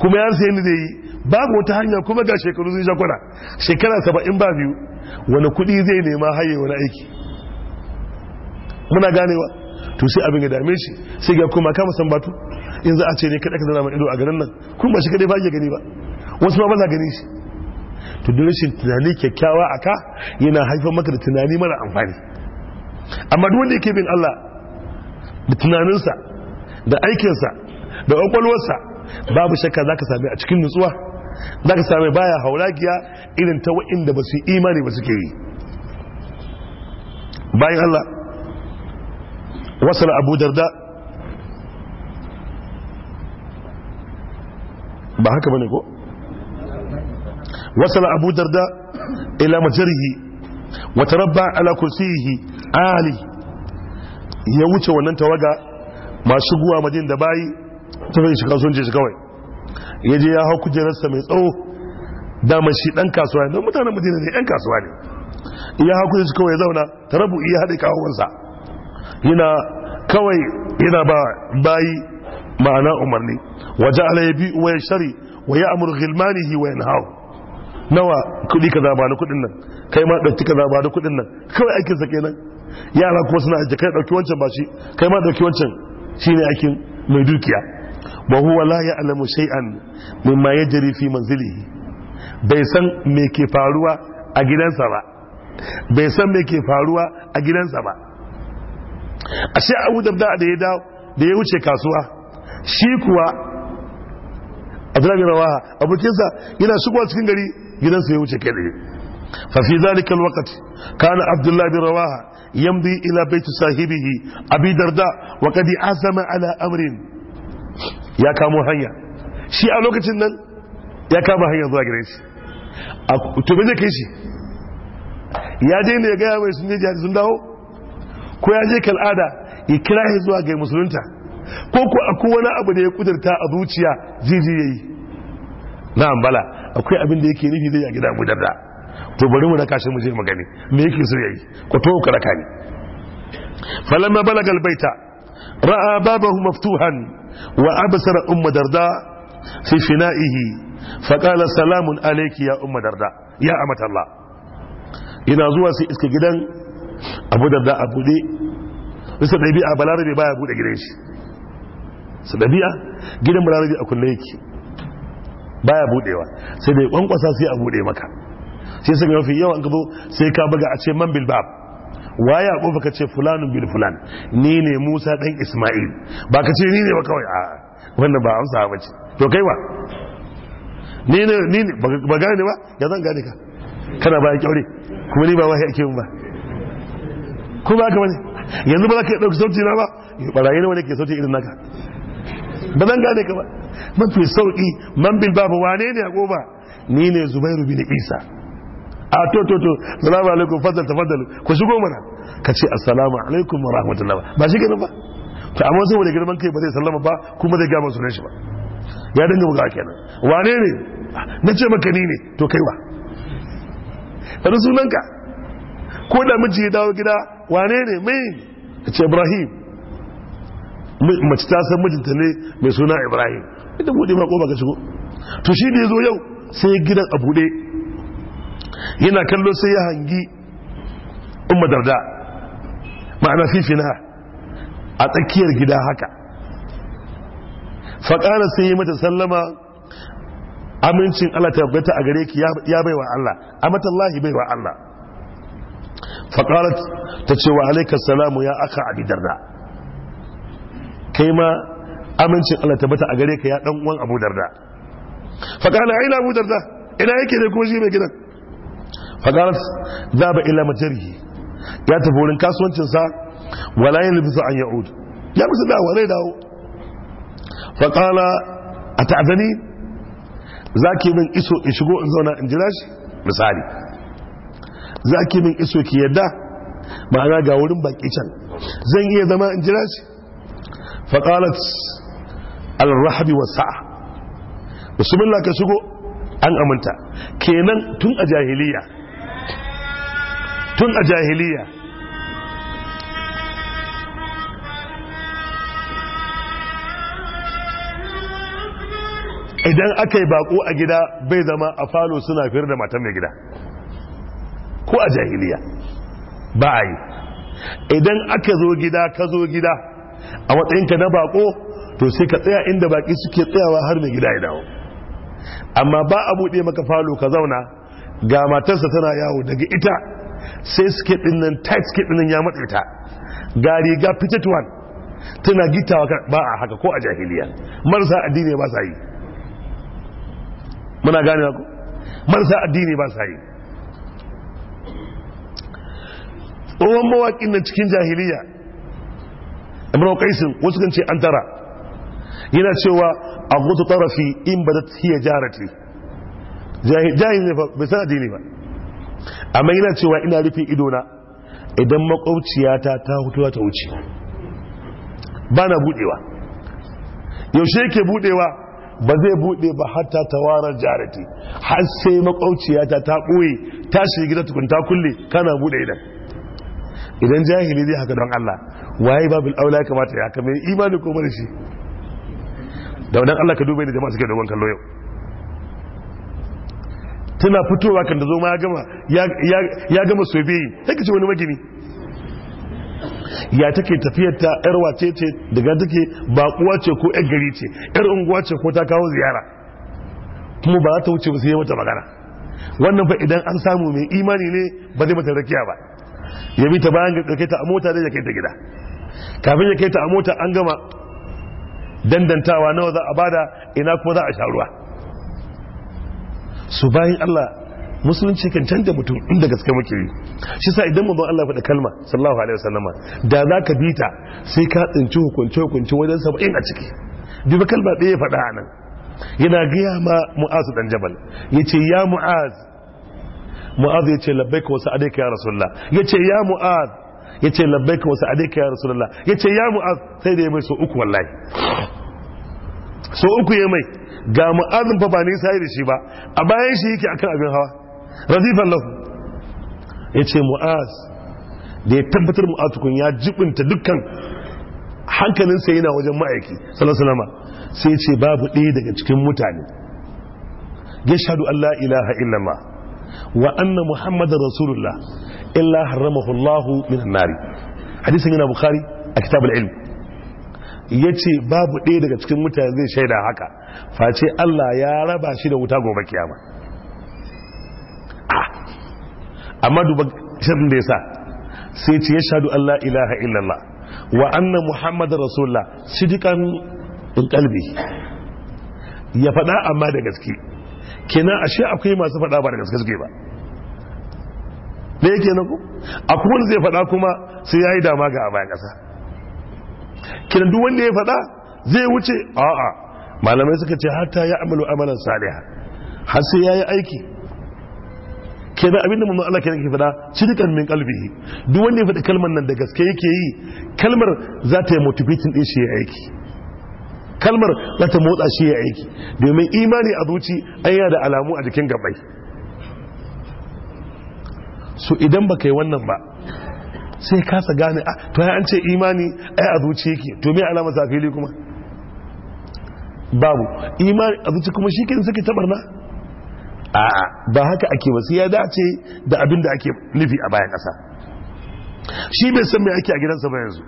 kuma ya sayi ni da yi babu wata hanya kuma ga shekaru zai shakwana shekara saba'in ba biyu wani kuɗi zai nema haye wani aiki muna ganewa to sai abin ya dame shi sai ga kuma ka san batu in za a ce ne kada ka zama ido a garin nan kuma shi kada ba ya gani ba wasu ma ba za gani shi to dole shi tunani kyakkyawa aka yana haifar maka da tunani mara amfani amma duk wanda yake bin Allah da tunaninsa da aikinsa da kwakwalwarsa babu shakka zaka same a cikin nutsuwa zaka same baya haulagiya irin ta wa'inda ba su imani ba suke yi bayan Allah Ba haka أبو درداء بحك بنيكو وصل أبو درداء wata rabba وتربع على ali ya wuce wannan tawaga masu guwa madin da bayi shiga sun kasuwanci shi kawai ya je ya hau kujerarsa mai tsawo damar shi dan kasuwa ne don mutanen madina ne ɗan kasuwa ne ya hau kujerarsa kawai ya zauna ta rabu iya haɗe wansa yana kawai yana ba bayi ma'ana umarni waje ala ya bi wa ya shari wa ya amur gilmanihi wa yana hau nawa kudi ka zaba da kudin nan kai ma dauki ka zaba da kudin nan kawai aikin sa kenan yara kuma suna aje kai dauki wancan ba shi kai ma dauki wancan shine aikin mai dukiya wa huwa la ya'lamu shay'an mimma yajri fi manzilihi bai san me ke faruwa a gidansa ba bai san me ke faruwa a gidansa ba ashe abu da da ya dawo da ya wuce kasuwa shi kuwa abdullahi rawaha abokinsa yana shigowa cikin gari gidansa ya wuce kai da ففي ذلك الوقت كان عبد rawaha بن ila يمضي sahibihi abi darda wa درداء وقد عزم على ya kamo hanya. Shi a lokacin nan ya kama hanya zuwa gare shi to me zai kai shi ya daina ya gaya mai sun je jihar sun dawo ko ya je kal'ada ya kira shi zuwa ga musulunta ko ko akwai wani abu da ya kudurta a zuciya jiji yayi na ambala akwai abin da yake nufi zai ya gida mu darda to bari mu raka shi mu je magani me yake so yayi ko to ka raka ni falamma balagal baita ra'a babahu maftuhan wa absara umma darda fi fina'ihi faqala salamun alayki ya umma darda ya amata Allah ina zuwa sai iska gidan abu da da a buɗe bisa ɗabi'a balarabe baya buɗe gidan shi su ɗabi'a gidan balarabe a kulle yake baya buɗewa sai da ya kwankwasa sai a buɗe maka sai sun mafi yawan an gabo sai ka buga a ce man bilbab Wa ya kofa ka ce fulanun bil fulan ni ne musa dan isma'il ba ka ce ni ne ba kawai a wannan ba amsa ba ce to kai wa ni ne ni ba gane ba ya zan gane ka kana ba kyaure kuma ni ba wahayi ake yin ba ko ba ka bane yanzu ba za ka ɗauki sauti na ba barayi ne wani ke sauti irin naka ba zan gane ka ba mafi sauƙi man bil babu wane ne a goba ni ne zubairu bin isa a to to to salamu alaikum fadal tafadal ku shigo mana ka ce assalamu alaikum wa rahmatullah ba shi kenan ba to amma saboda girman kai ba zai sallama ba kuma zai gama sunan shi ba ya dinga buga kenan wane ne na ce maka ni ne to kaiwa dan sunanka ko da miji ya dawo gida wane ne mai a ce ibrahim mace ta san mijinta ne mai suna ibrahim ita bude ma koba ka shigo to shi da yazo zo yau sai gidan a bude. yana kallo sai ya hangi umma darda ma'ana fifina a tsakiyar gida haka faƙara sai yi mata sallama amincin Allah ta a gare ki ya baiwa Allah matallahi baiwa Allah faƙarat ta ce wa alaika salamu ya aka abidar da kai ma amincin Allah tabbata a gare ka ya ɗan uwan abu darda faƙarat aina abu darda ina yake da kuma shi mai gidan faƙarat za ba ila majarihi ya tafi wurin kasuwancinsa wala yin libisa an ya'ud ya musu da wa zai dawo faƙala a ta'azani za ki min iso in shigo in zauna in jira shi misali za ki min iso ki yadda ma'ana ga wurin baki can zan iya zama in jira shi al rahbi wa sa'a bismillah ka shigo an aminta kenan tun a jahiliya tun a jahiliya idan aka yi bako a gida bai zama a falo suna fiyar da matan mai gida ko a jahiliya ba a yi idan aka zo gida ka zo gida a matsayinka na bako to sai ka tsaya inda baki suke tsayawa har mai gida ya dawo amma ba a buɗe maka falo ka zauna ga matarsa tana yawo daga ita sai suke ɗinnan tight suke ɗinnan ya matsa ita ga riga fitted one tana gitawa ba a haka ko a jahiliya marasa addini ba sa yi muna gane addini ba sa yi tsohon mawaƙin nan cikin jahiliya ibrahim kaisin wasu kan ce an tara yana cewa a gutu tarafi in ba ta siya jarati jahil ne bai san dini ba amma yana cewa ina rufe idona idan makwabciyata ta hutuwa ta wuce ba na budewa yaushe yake budewa ba zai bude ba hatta tawarar jarati har sai makwabciyata ta ɓoye ta shiga gida tukun kulle kana bude idan idan jahili zai haka don Allah waye babul aula ya kamata ya kame imani ko mara shi da Allah ka dubai da jama'a suke dogon kallo yau tana fitowa kan da zo ma ya gama ya gama sobe sai wani magini ya take tafiyar ta yar wace ce daga take kuwa ce ko yar gari ce yar unguwa ce ko ta kawo ziyara kuma ba za ta wuce ba sai mata magana wannan fa idan an samu mai imani ne ba zai mata rakiya ba ya bi ta bayan ga a mota zai ya kai ta gida kafin ya kai ta a mota an gama dandantawa nawa za a bada ina kuma za a sha ruwa su bayan Allah musulunci kan canja mutum inda gaske muke yi shi sa idan mazan Allah faɗa kalma sallahu alaihi wasallama da za ka ta sai ka tsinci hukunce hukunce wajen saba'in a ciki duba kalma ɗaya faɗa a nan yana gaya ma mu'azu dan jabal ya ce ya mu'azu. mu'az ya ce labbaik wa sa'adaika ya rasulullah ya ce ya mu'az ya ce labbaik wa sa'adaika ya rasulullah ya ce ya mu'az sai da ya mai so uku wallahi so uku ya mai ga mu'azin fa ba sai da shi ba a bayan shi yake akan abin hawa radifan lahu ya ce mu'az da ya tabbatar mu'az kun ya jibinta dukkan sai yana wajen ma'aiki wasallam sai ce babu ɗaya daga cikin mutane ya shaɗu Allah ilaha illallah wa anna muhammadar rasulullah illa haramahu Allah min nari hadisin yana bukari a kitabul ilm ce babu ɗaya daga cikin mutane zai shaida haka face Allah ya raba shi da wuta gobe kiyama ah, amma duba shirin da yasa sai ce ya shaɗu Allah ilaha illallah wa anna muhammadar rasulullah sidikan in kalbi ya faɗa amma da gaske kenan ashe akwai masu fada ba da gaske suke ba da yake na ku akwai wanda zai fada kuma sai yayi yi dama ga a bayan ƙasa kenan duk wanda ya faɗa zai wuce a'a malamai suka ce hatta ya amalu amalan saliha har sai ya yi aiki kenan abinda mun Allah kenan ke fada cikin min kalbihi duk wanda ya fada kalmar nan da gaske yake yi kalmar za ta yi motivating din shi ya aiki kalmar za ta motsa shi ya aiki domin imani a zuci an yada da alamu a jikin gabai su idan ba kai wannan ba sai kasa gane a ah, to ya an ce imani ai a zuci yake to me alama sa fili kuma babu imani a zuci kuma shi kin suke tabarna a ba haka ake wasu ya dace da abin da ake nufi a bayan kasa shi bai san me ake a gidansa ba yanzu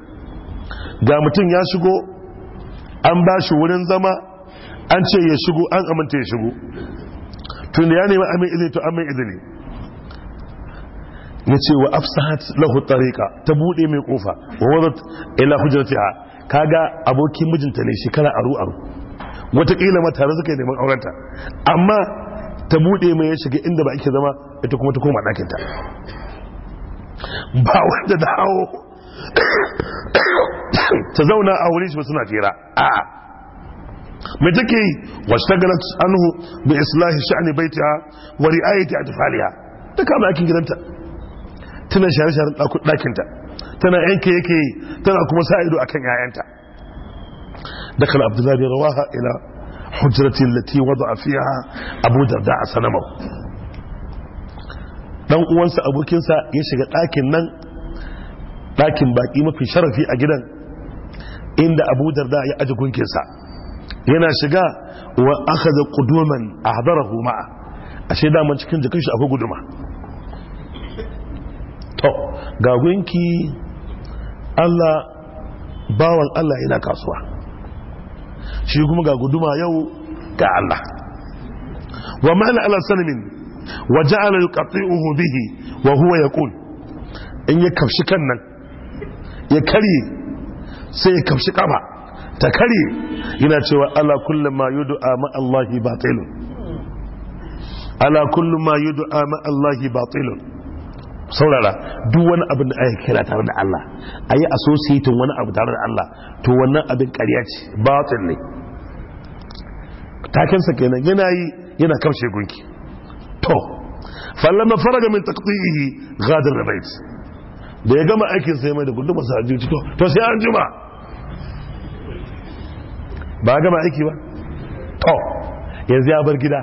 ga mutum ya shigo an ba shi wurin zama an ce ya shigo an aminta ya shigo tun da ya nemi amin izini to amin izini ya ce wa afsahat lahu tariqa ta bude mai kofa wa wadat ila hujratiha kaga abokin mijinta ne shekara aru aru wataƙila ma tare suka neman aurenta amma ta bude mai ya shiga inda ba ake zama ita kuma ta koma ɗakinta ba wanda da hawo ta zauna a wurin shi ba suna jira a'a mai take yi washtagalat anhu bi islahi sha'ni baitiha wa ri'ayati atfaliha ta kama aikin gidanta tana share-sharen ɗakinta tana yanke yake tana kuma sa ido akan 'ya'yanta dakal abdullahi bin rawaha ila hujratin lati wada fiha abu darda a sanamau dan uwansa abokinsa ya shiga ɗakin nan ɗakin baƙi mafi sharafi a gidan inda abu darda ya aji gunkinsa yana shiga wa aka da kuduman a hadara ma'a a daman cikin jikin shi akwai guduma to ga gunki allah bawan allah yana kasuwa shi kuma ga guduma yau ga allah wa ma'ana ala salmin wa ja'ala yuqati'uhu bihi wa huwa yaqul in ya kafshi kan nan ya karye sai ya kamshi kama ta karye yana cewa ala kullu ma du'a ma ba batilun ala kullu ma yud'a ma'allahi ba batilun saurara duk wani abin da aka kira tare da Allah a yi asositin wani abu tare da Allah to wannan abin kariya ce batil ne takinsa kenan yana yi yana kamshe gunki to fallama faraga min taqtihi ghadar rabait da ya gama aikin sai mai da kudu masu hajji ciko to sai an jima ba gama aiki ba to yanzu ya bar gida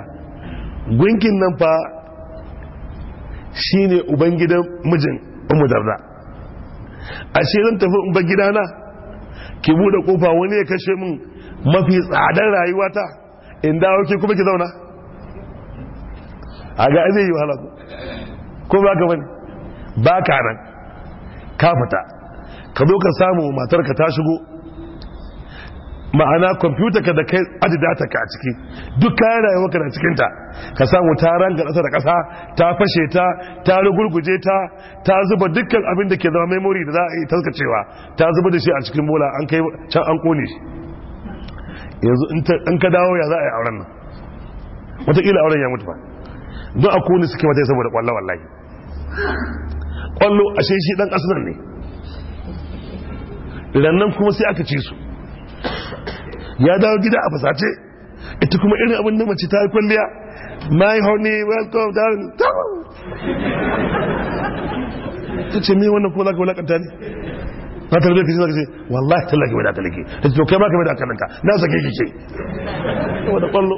gunkin nan fa shi ne ubangidan mijin umu darda a shi zan tafi gida gidana ki buɗe kofa wani ya kashe min mafi tsadar rayuwata ta inda ki kuma ki zauna a ga zai yi wahala ko ba ka wani ba ka nan ka ka zo ka samu matarka ta shigo ma'ana kwamfuta ka da kai adidata ka a ciki duk kayan rayuwa cikin cikinta ka samu ta ranga ƙasa da ƙasa ta fashe ta ta rugurguje ta ta zuba dukkan abin da ke zama memory da za a yi taskacewa ta zuba da shi a cikin bola an kai can an kone shi yanzu in ka dawo ya za a yi auren nan wataƙila auren ya mutu ba don a kone suke mata saboda ƙwallon wallahi kwallo a shi dan kasar ne Lannan kuma sai aka ce su ya dawo gida a fasace ita kuma irin abin da mace ta yi kwalliya my honey welcome darling ta ce mai wannan kuma za ka wulakanta ne na ta ka ce zaka ce wallahi tallahi bai da talake ta ce to kai ba ka bai da kananta na sake ki ce wanda kwallo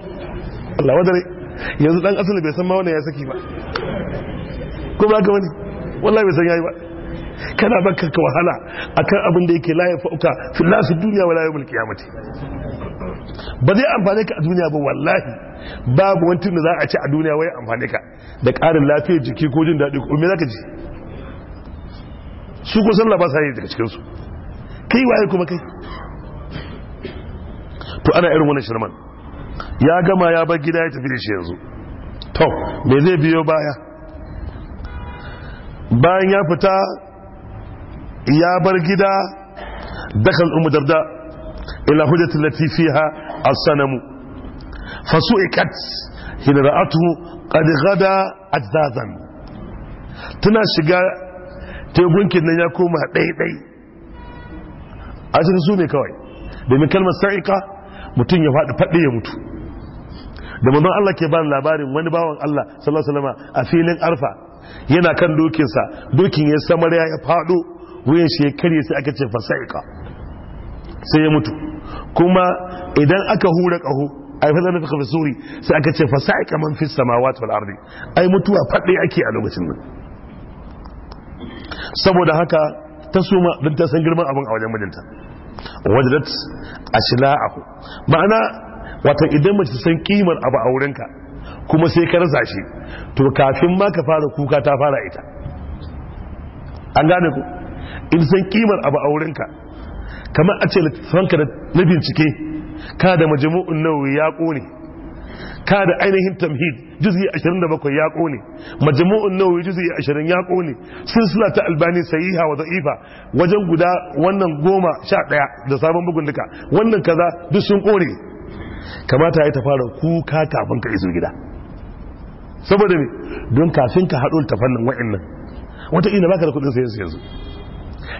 Allah ne. yanzu dan asali bai san ma wani ya saki ba ko ba ka wani wallahi bai san yayi ba kana baka ka wahala akan abin da yake laye fauka fil nasu duniya wala yawmul qiyamati ba zai amfane ka a duniya ba wallahi babu wani tunda da za a ci a duniya wai amfane ka da ƙarin lafiyar jiki ko jin daɗi ko me zaka ji su ko sallah ba sai yi daga cikin su kai waye kuma kai to ana irin wannan shirman ya gama ya bar gida ya tafi da shi yanzu to me zai biyo baya bayan ya fita ya bar gida dakal umu darda ila hujjatin lati fiha as-sanamu fasu'ikat hina ra'atuhu qad ghada ajdazan tana shiga tegunkin nan ya koma ɗaiɗai a cikin su ne kawai domin kalmar sa'ika mutum ya faɗi faɗi ya mutu da manzon Allah ke ba labarin wani bawan Allah sallallahu alaihi a filin arfa yana kan dokinsa dokin ya samar ya faɗo wuyan shi ya karye sai aka ce fasa'ika sai ya mutu kuma idan aka hura ƙaho ai fa kafa kafisuri sai aka ce fasa'ika man fi samawati wal ardi ai mutuwa faɗe ake a lokacin nan saboda haka ta suma don ta san girman abin a wajen mijinta wajadat ashla'ahu ma'ana wata idan mace san kimar abu a wurinka kuma sai ka rasa shi to kafin ma ka fara kuka ta fara ita an gane ku in san kimar abu aurenka kamar a ce da na bincike ka da majamu'un nawawi ya kone ka da ainihin tamhid juz'i 27 ya kone majamu'un nawawi juz'i 20 ya kone silsila ta albani sahiha wa da'ifa wajen guda wannan goma sha ɗaya da sabon bugun duka wannan kaza duk sun ƙone kamata ya ta fara kuka kafin ka iso gida saboda ne don kafin ka haɗo ta fannin wa'annan ba baka da kuɗin sayan yanzu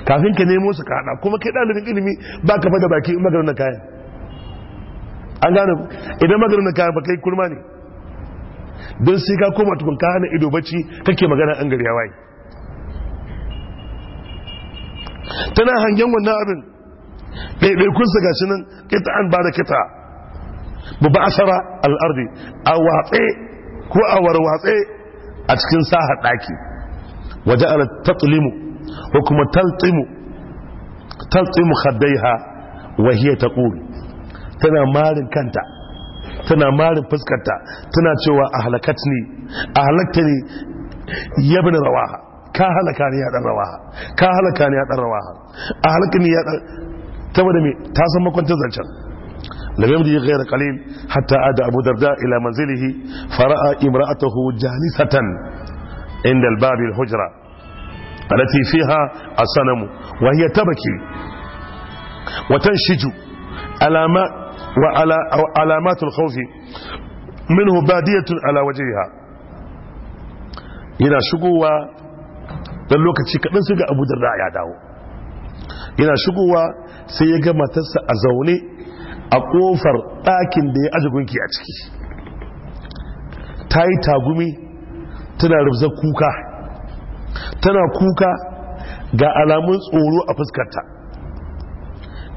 kafin ka nemo su ka haɗa kuma kai ɗalibin ilimi ba ka fada baki in maganar kayan an gane idan maganar kayan ba yi kurma ne don sai ka koma tukun ka hana ido bacci kake magana an gari yawai tana hangen wannan abin ɗaiɗaikun su gashi nan kita an ba da kita ba ba asara al'ardi a watse ko a warwatse a cikin sahar ɗaki waje ala tatlimu ko kuma taltimu taltimu khaddaiha wa hiya taqul tana marin kanta tana marin fuskarta tana cewa a ahlakatni ne yabin rawaha ka halaka ne ya dan rawaha ka halaka ne ya dan rawaha ne ya ta saboda me ta san makwantar zancen لم يمضي غير قليل حتى عاد أبو درداء إلى منزله فرأى امرأته جالسة عند الباب الحجرة التي فيها الصنم وهي تبكي وتنشج علامات وعلى علامات الخوف منه بادية على وجهها yana shigowa dan lokaci kaɗan sai ga abu da ya dawo yana shigowa sai ya ga matarsa a zaune a kofar ɗakin da ya aji gunki a ciki ta yi tagumi tana rufza kuka tana kuka ga alamun tsoro a fuskarta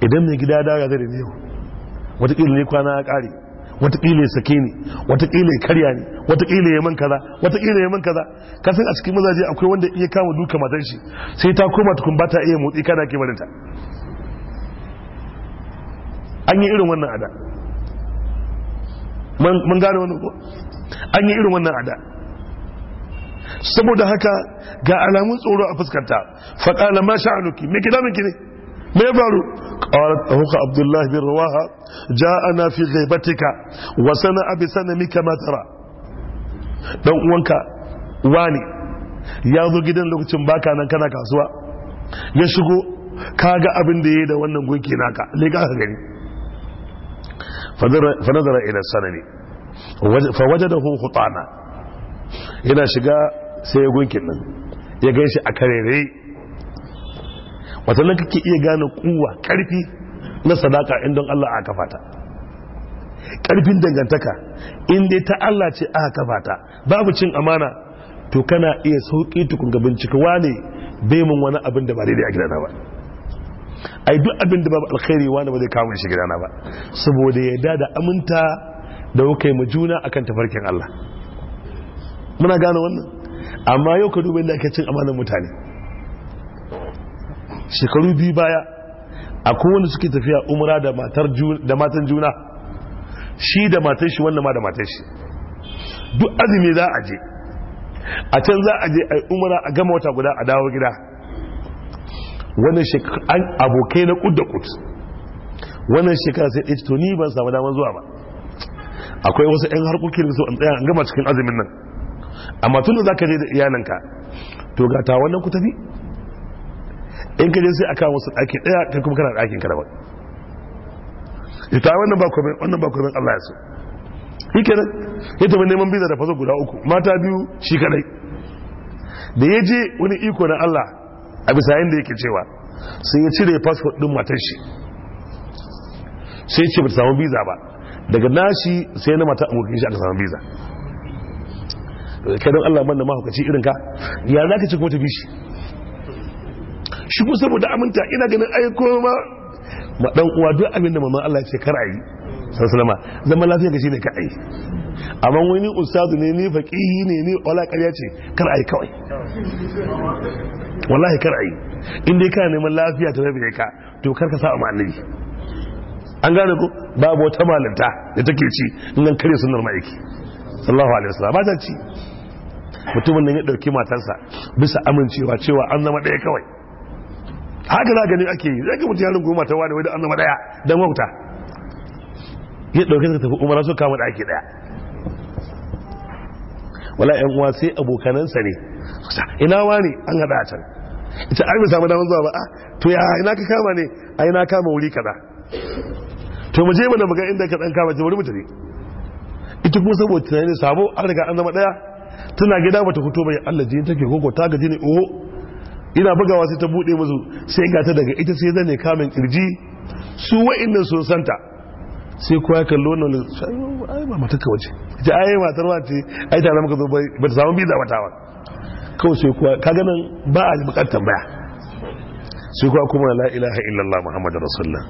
idan mai gida daga zai da yau watakila ne kwana ya kare watakila ya sake ne watakila ya karya ne watakila ya man kaza watakila ya man kaza kasan a cikin mazaje akwai wanda iya kama duka matan shi sai ta koma tukun ba ta iya motsi kana ke barinta an yi irin wannan ada mun gane wannan ko an yi irin wannan ada saboda haka ga alamun tsoro a fuskanta faƙala ma sha'anuki me kidamin miki ne me faru qalat tahuka abdullahi bin rawaha ja'ana fi ghaibatika wa sana'a bi sanamika ma tara dan uwanka wani ya zo gidan lokacin baka nan kana kasuwa ya shigo kaga abin da yayi da wannan gunki naka le ka gani فنظر sanani waje فوجده خطانا yana shiga sai ya gunkin nan ya gan shi a karere watannan kake iya gane kuwa karfi na sadaka in Allah aka fata karfin dangantaka in dai ta Allah ce aka kafata babu cin amana to kana iya sauƙi tukun ga bincika wane bai mun wani abin da ba daidai a gidana ba ai duk abin da babu alkhairi wani ba zai kawo shi gidana ba saboda yadda da aminta da kuka mu juna akan tafarkin Allah muna gane wannan amma yau ka duba inda ake cin amanar mutane shekaru biyu baya akwai wanda suke tafiya umra da matan juna shi da matan shi wannan ma da matan shi duk azumi za a je a can za a je ai umra a gama wata guda a dawo gida wannan abokai na kud da kud wannan shekara sai ɗaya to ni ban samu damar zuwa ba akwai wasu 'yan harkokin su an tsaya an gama cikin azumin nan amma tun da za ka je da iyalanka to ga ta wannan ku tafi in ka je sai aka wasu ɗaki ɗaya ka kuma kana ɗakin ka daban ita wannan ba kuma wannan ba kuma Allah ya so shi kenan ya tafi neman biza da fazo guda uku mata biyu shi kadai da ya je wani iko na Allah a bisa yadda yake cewa sai ya cire fasfot din matan shi sai ce ba samu biza ba daga nashi sai na mata abokin shi aka samu biza kai don Allah da mahaukaci irin ka ya za ka ce kuma tafi shi shi kuma saboda aminta ina ganin aiko ma ma ɗan uwa duk abin da mamman Allah ce kar ayi sallama zama lafiya ga shi ne ka yi amma wani ustazu ne ni faƙihi ne ni wala ƙarya ce kar yi kawai wallahi kar ayi in dai kana neman lafiya ta rabe ka to kar ka sa a annabi an gane ko babu wata malanta da take ci nan kare sunnar ma'aiki sallallahu alaihi wasallam ba ta ci mutumin nan ya dauki matarsa bisa amincewa cewa an zama daya kawai haka za gani ake yi zai mutum ya rungu ta wani wadda an zama daya don wauta ya dauke ta tafi umara su kama daki daya wala yan uwa sai abokanansa ne ina wani an hada a can ita ai bai samu damar zuwa ba ah, to ya ina ka kama ne a ina kama wuri kada to mu je mana bugan inda ka dan kama je wuri mu tafi ita kuma saboda tunanin sabo an riga an zama daya tana gida bata fito bai Allah ji take koko ta gaji ne oho ina bugawa sai ta bude musu sai ga ta daga ita sai zane kamin kirji su wa'annan sun santa sai kuwa ya kallo wannan ai ba mata ka waje ita ai matar wace ai zama ka zo bai ba ta samu biza da ta kawai sai kuwa ka nan ba a bukatan tambaya sai kuwa kuma la ilaha illallah muhammadu rasulullah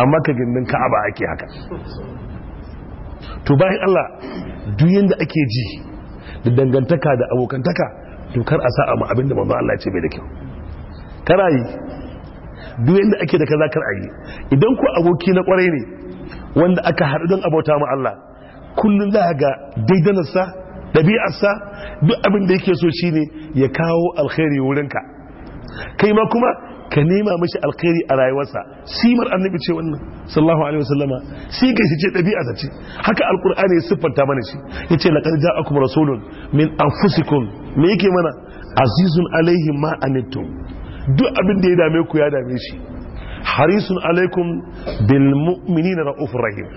amma ka gindin ka'aba ake haka to bayan Allah duyin da ake ji da dangantaka da abokantaka to kar a sa'a ma abinda manzo Allah ce bai da kyau kara yi duk da ake da ka kar a yi idan ku aboki na kwarai ne wanda aka haɗu don abota ma Allah kullum za a ga daidanarsa ɗabi'arsa duk abin da yake so shine ya kawo alkhairi Ka kai ma kuma ka nema mashi alkhairi a rayuwarsa simar annabi ce wannan sallallahu alaihi wasallama si kai shi ce ɗabi'arsa ce haka alkur'ani ya siffanta mana shi yace laqad ja'akum rasulun min anfusikum me yake mana azizun alaihi ma anittum duk abin da ya dame ku ya dame shi harisun alaikum bil mu'minina raufur rahim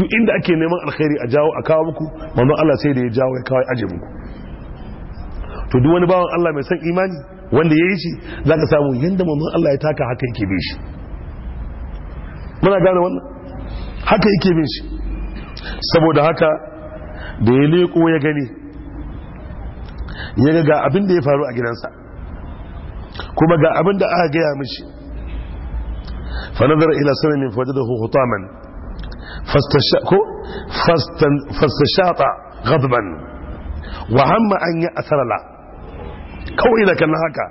duk inda ake neman alkhairi a jawo a kawo muku manzo Allah sai da ya jawo ya kawo ya aje muku to duk wani bawan Allah mai son imani wanda yayi shi zaka samu yanda manzo Allah ya taka haka yake bin shi muna gane wannan haka yake bin shi saboda haka da ya leko ya gani ya ga abin da ya faru a gidansa kuma ga abin da aka gaya mishi فنظر إلى سنم فوجده خطاما فاستشاط غضبا وهم أن يأثر له kawai da kan haka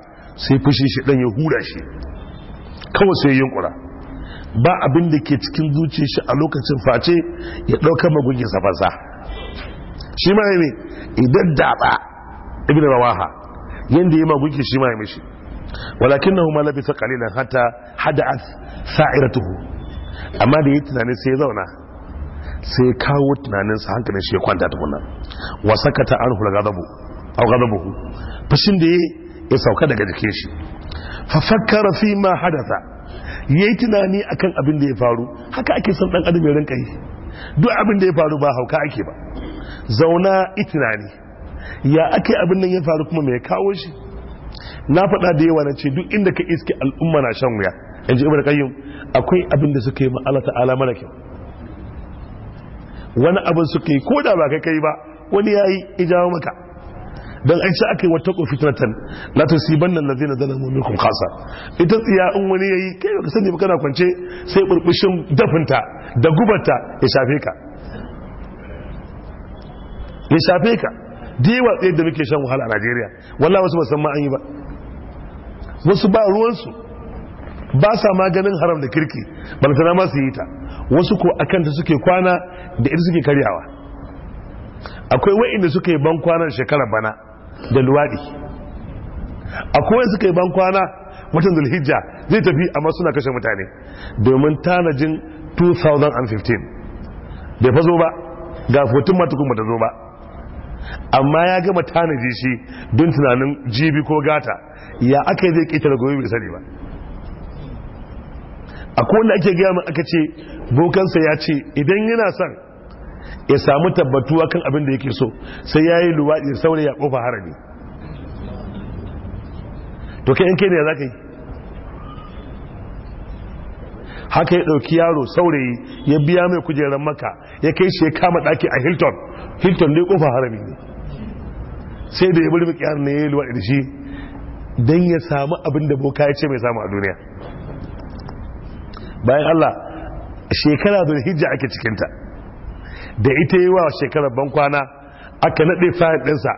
sai fushi shi dan ya hura shi kawai sai yunkura ba abin da ke cikin zuciyar shi a lokacin face ya dauka magungin safarsa shi ma ne idan daba ibn rawaha yanda ya magunki shi ma ya mishi walakinnahu ma labisa qalilan hatta hada'at sa'iratuhu amma da yi tunani sai ya zauna sai kawo tunaninsa hankalin shi ya kwanta tukuna wa sakata an hula gazabu au gazabuhu fashin da ya sauka daga jikin shi fa fakkara fi ma hadasa yayi tunani akan abin da ya faru haka ake son dan adam ya rinka yi duk abin da ya faru ba hauka ake ba zauna itinani ya ake abin nan ya faru kuma mai kawo shi na faɗa da yawa na ce duk inda ka iske al'umma na shan wuya in ji ibn qayyim akwai abin da suka yi ma Allah ta'ala kyau wani abin suka yi ko da ba kai kai ba wani yayi ijawo maka dan an sha akai wata fitnatan la tusibanna allazina zalamu minkum khasa ita tsiya in wani yayi kai ka sani ba kana kwance sai burbushin dafinta da gubarta ya shafe ka ya shafe ka dewa tsaye da muke shan wahala a Najeriya wallahi wasu ba san ma an yi ba wasu ba ruwansu ba sa maganin haram da kirki na ma su yi ta wasu ko akan ta suke kwana da ita suke karyawa akwai da suke ban kwanar shekara bana da luwaɗi akwai wani suke ban kwana watan zulhijja zai tafi amma suna kashe mutane domin tanajin 2015 bai fa zo ba ga fotun matukun ba ta zo ba amma ya gama tanaji shi don tunanin jibi ko gata ya aka yi zai ƙetare gobe bai sani ba akwai wanda ake gaya min aka ce bokansa ya ce idan yana son ya samu tabbatuwa kan abin da yake so sai ya yi luwaɗi saurayi ya ƙofa harami to kai in kai ne za ka yi haka ya ɗauki yaro saurayi ya biya mai kujerar maka ya kai shi ya kama ɗaki a hilton hilton dai ƙofa harami ne sai da ya bari mikiyar na ya yi luwaɗi da shi don ya samu abin da boka ya ce mai samu a duniya bayan Allah shekara hijja ake cikinta da ita yi wa shekarar bankwana aka naɗe fayil ɗinsa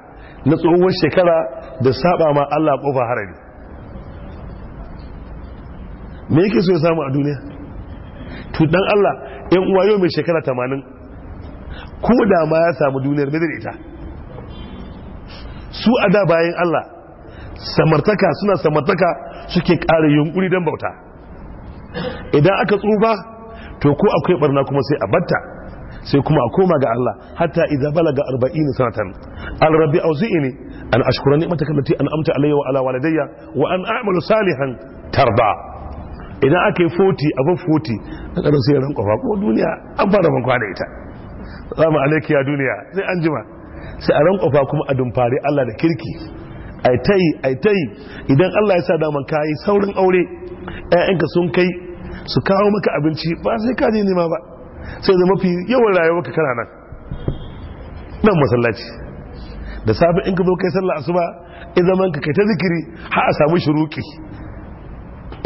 na tsohuwar shekara da saba ma Allah ƙofa harari me yake so ya samu a duniya to dan Allah yan uwa yau mai shekara tamanin, ko da ma ya samu duniyar bai ita su a da bayan Allah samartaka suna samartaka suke ƙara yunkuri don bauta idan aka tsuba, to ko akwai barna kuma sai a batta sai kuma a koma ga Allah hatta idza balaga 40 sanatan al rabbi awzi'ni an ashkura ni'mataka allati an'amta alayya wa ala walidayya wa an a'malu salihan tarda idan aka yi 40 abin 40 aka sai ran kofa ko duniya an fara ban kwana ita salamu alayki ya duniya sai an jima sai a ran kofa kuma a dumfari Allah da kirki ai tai idan Allah ya sa daman kai saurin aure ƴaƴanka sun kai su kawo maka abinci ba sai ka je nema ba sai zama mafi yawan rayuwar ka kana nan nan masallaci da safe in ka zo kai sallah asuba in zaman ka kai ta zikiri har a samu shuruki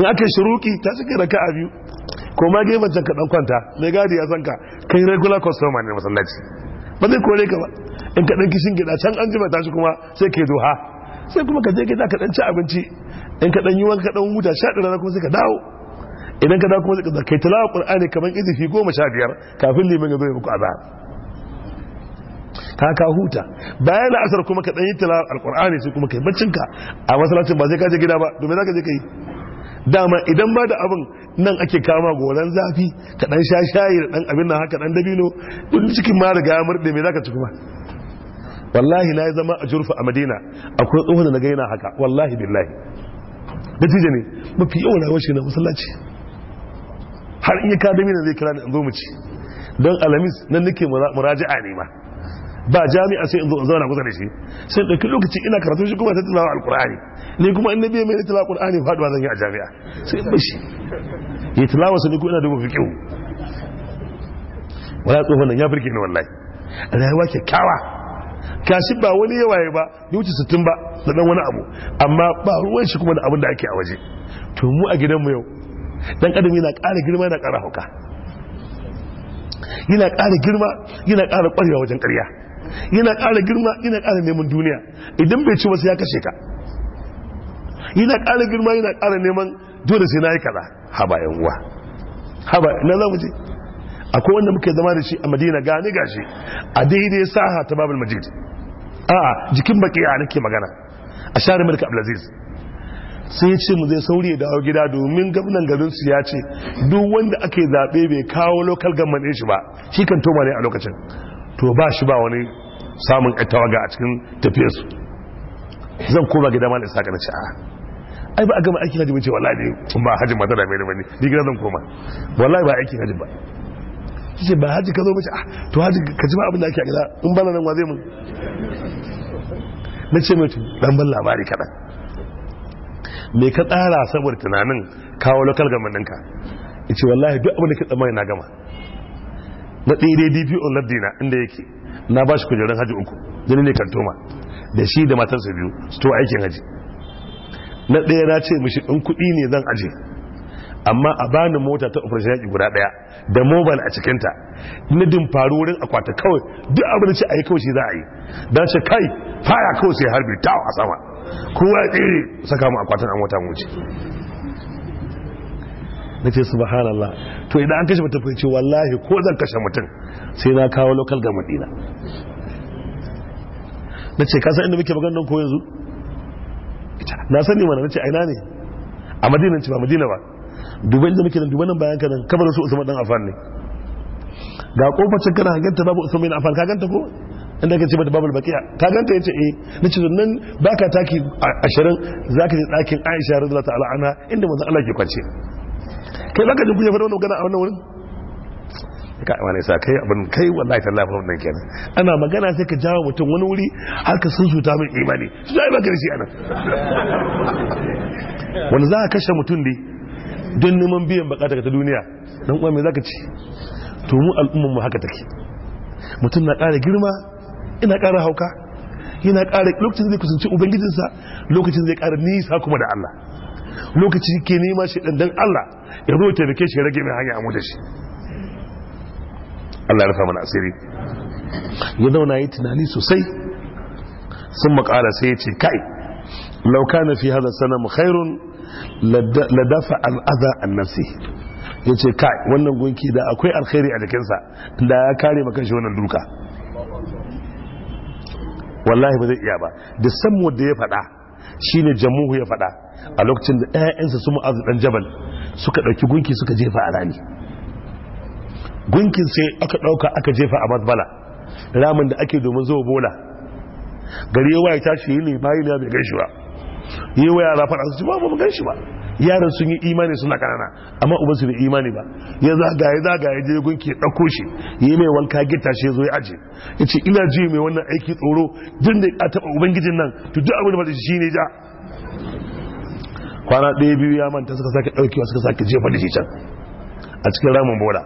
in aka shuruki ta cika raka'a biyu ko ma gefen can ka dan kwanta mai gadi ya zanka kai regular customer ne masallaci ba zai kore ka ba in ka dan kishin gida can an jima tashi kuma sai ke doha sai kuma ka je gida ka dan ci abinci in ka dan yi wanka dan huta sha rana kuma sai ka dawo idan ka dawo kuma sai kai tilawa qur'ani kaman izifi goma sha biyar kafin liman ya zo ya muku azan ka ka huta bayan asar kuma ka dan yi al alqur'ani sai kuma kai baccinka a masallacin ba sai ka je gida ba domin zaka je kai dama idan ba da abin nan ake kama goran zafi ka dan sha shayi da dan abin nan haka dan dabino duk cikin ma riga ya murde me zaka ci kuma wallahi na yi zama a jurfa a madina akwai tsohon da na gaina haka wallahi billahi da ne mafi yawan rayuwar shi na masallaci har in ya kadami da zai kira da zo mu ci don alamis nan nake muraja'a ne ma ba jami'a sai in zo in zauna kusa da shi sai ɗauki lokaci ina karatu shi kuma ta tilawa alkur'ani ne kuma in na biya mai na tilawa alkur'ani faɗuwa zan yi a jami'a sai in bashi ya tilawa su ne kuma ina duba fiƙihu wala tsohon nan ya birke ni wallahi rayuwa kyakkyawa kashi ba wani yawaye ba ya wuce sittin ba da ɗan wani abu amma ba ruwan shi kuma da abin da ake a waje to mu a gidanmu yau dan adam yana ƙara girma yana ƙara hauka yana ƙara girma yana ƙara ƙwarewa wajen ƙarya yana ƙara girma yana ƙara neman duniya idan bai ci wasu ya kashe ka yana ƙara girma yana ƙara neman dole sai na yi kaza ba yan uwa ba na za mu akwai wanda muke zama da shi a madina gani gashi a daidai saha ta babul majid a'a jikin ya nake magana a share mulki abdulaziz sai ya ce mu zai sauri ya dawo gida domin gwamnan garinsu ya ce duk wanda ake zaɓe bai kawo lokal gamman ɗin shi ba shi kan toma ne a lokacin to ba shi ba wani samun ga a cikin tafiyarsu zan koma gida ma da isa na ci ai ba a gama aiki hajji ce wallahi ne ba hajji mata da mai bane ni gida zan koma wallahi ba aiki hajji ba ce ba hajji ka zo mace a to hajji ka ji ma abin da ake a gida in bana nan wa zai mun na ce mai dan ban labari kaɗan Mai ka tsara saboda tunanin kawo local government ka. ya ce wallahi duk abin da ke na gama na ɗaya dpo lardina inda yake na ba shi kujerun haji uku jini ne kantoma da shi da matarsa biyu su to aikin haji na ɗaya na ce mishi in kuɗi ne zan aje amma a bani mota ta ofar yaƙi guda ɗaya da mobal a cikinta na din faru wurin akwata kawai duk abin da ce a yi kawai shi za a yi don shi kai faya kawai sai harbi ta a sama kowa ya tsere saka mu akwatin an wata mu na ce subhanallah to idan an kashe mutum ce wallahi ko zan kashe mutum sai na kawo lokal ga madina na ce kasan inda muke maganin ko yanzu na sani mana na ce aina ne a madina ce ba madina ba dubai da muke nan dubai nan bayan kanan kamar su usman dan afan ne ga kofar cikin ta babu usman dan afan ka ganta ko inda ka ce mata babul baki ka ganta yace eh nace nan baka taki 20 zaka je dakin Aisha radhiyallahu ta'ala anha inda manzo Allah ke kwance kai baka ji kunya fara wannan magana a wannan wurin ka wani sa kai abin kai wallahi tallahi fa wannan kenan ana magana sai ka jawo mutum wani wuri har ka sun suta min imani su dai baka rishi shi anan wani za ka kashe mutum ne don neman biyan bukatar ta duniya dan uwa me zaka ci to mu al'ummar mu haka take mutum na ƙara girma ina ƙara hauka yana ƙara lokacin zai kusanci ubangijinsa lokacin zai ƙara nisa kuma da Allah lokaci ke nema shi ɗandan Allah ya zo rike shi ya rage mai hanya amu da shi Allah ya rufa mana asiri ya zauna yi tunani sosai sun makara sai ya ce kai lauka na fi hada sana mu khairun ladafa al'aza an nafsi ya ce kai wannan gunki da akwai alkhairi a jikinsa da ya kare maka shi wannan duka wallahi ba zai iya ba da san da ya faɗa shine jamuhu ya faɗa a lokacin da ɗayansa su mu'azu dan jabal suka ɗauki gunki suka jefa a rani. gunkin sai aka ɗauka aka jefa a mazbala ramin da ake domin zuwa bola gari yawa ya tashi yi ne bayi ya bai gan shi ba yi wa yara faɗa su ba ba gan shi ba yaran sun yi imani suna kanana amma uban su bai imani ba ya zagaye zagaye je gunki ya dauko shi yayi mai wanka gita shi zo ya aje yace ina ji mai wannan aiki tsoro din da a taba ubangijin nan to duk abin da ba shi ne ja kwana ɗaya biyu ya manta suka sake ɗaukewa suka sake jefa da shi can a cikin ramin bola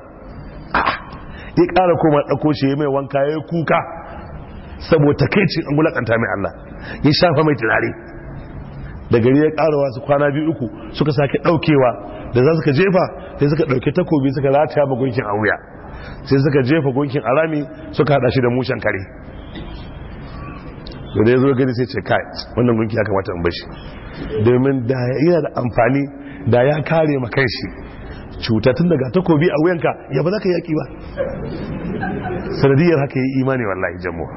ya ƙara koma ɗauko shi ya mai wanka ya kuka saboda kai ce an wulakanta mai Allah ya shafa mai tunare da gari ya karawa su kwana biyu uku suka sake daukewa da za su ka jefa sai suka dauke takobi suka rataya ma gunkin auya, sai suka jefa gunkin arami suka hada shi da mushen kare da ya zo gari sai ce kai wannan gunki ya kamata in bashi domin da yana da amfani da ya kare ma kanshi cuta tun daga takobi a wuyanka ya ba za ka yaki ba sanadiyar haka yi imani wallahi jamuwa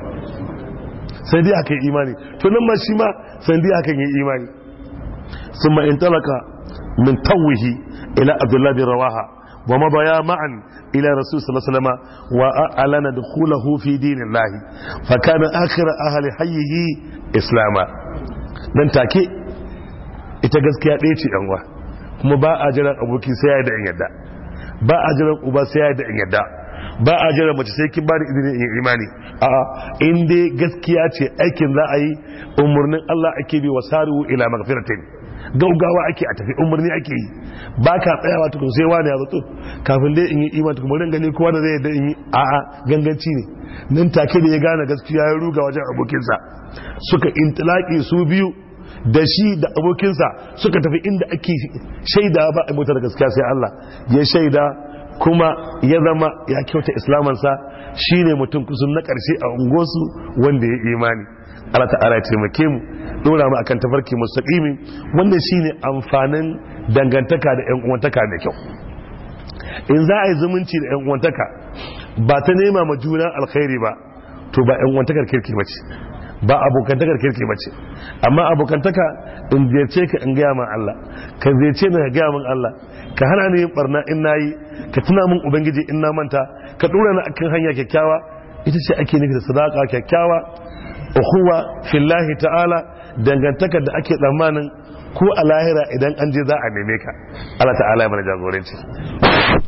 sanadiyar haka yi imani to nan ma shi ma sanadiyar haka yi imani ثم انطلق من توه إلى عبد الله بن رواحة ومضيا معا إلى رسول صلى الله عليه وسلم وأعلن دخوله في دين الله فكان آخر أهل حيه إسلاما nan take ita gaskiya ɗaya ce yanwa kuma ba a jiran aboki sai ya da in yadda ba a jiran uba sai ya da in yadda ba a jiran mace sai kin bani izinin in imani a in dai gaskiya ce aikin za a yi umarnin Allah ake bi wa saru ila magfiratin gaugawa ake a tafi umarni ake yi ba ka tsayawa kusa sai wani ya zato kafin dai in yi iman kuma murin gani kowa da zai da in yi a'a ganganci ne nan take da ya gane gaskiya ya ruga wajen abokinsa suka intilaki su biyu da shi da abokinsa suka tafi inda ake shaida ba a mutar gaskiya sai Allah ya shaida kuma ya zama ya kyauta islamansa shine mutum kusan na karshe a unguwarsu wanda ya imani Allah ta'ala ya taimake mu dora mu akan tafarki mustaqimi wannan shine amfanin dangantaka da ƴan uwantaka da kyau in za a yi zumunci da ƴan uwantaka ba ta nema ma juna alkhairi ba to ba ƴan uwantakar kirki ba ce ba abokantakar kirki ba ce amma abokantaka in ziyarce ka in gaya min Allah ka ziyarce ni ka gaya min Allah ka hana ni yin barna in nayi ka tuna min ubangiji in na manta ka dora ni akan hanya kyakkyawa ita ce ake nufi da sadaka kyakkyawa uhuwa fillahi ta'ala dangantakar da ake tsammanin ko a lahira idan an je za a neme ka Allah ta'ala ya mana jagoranci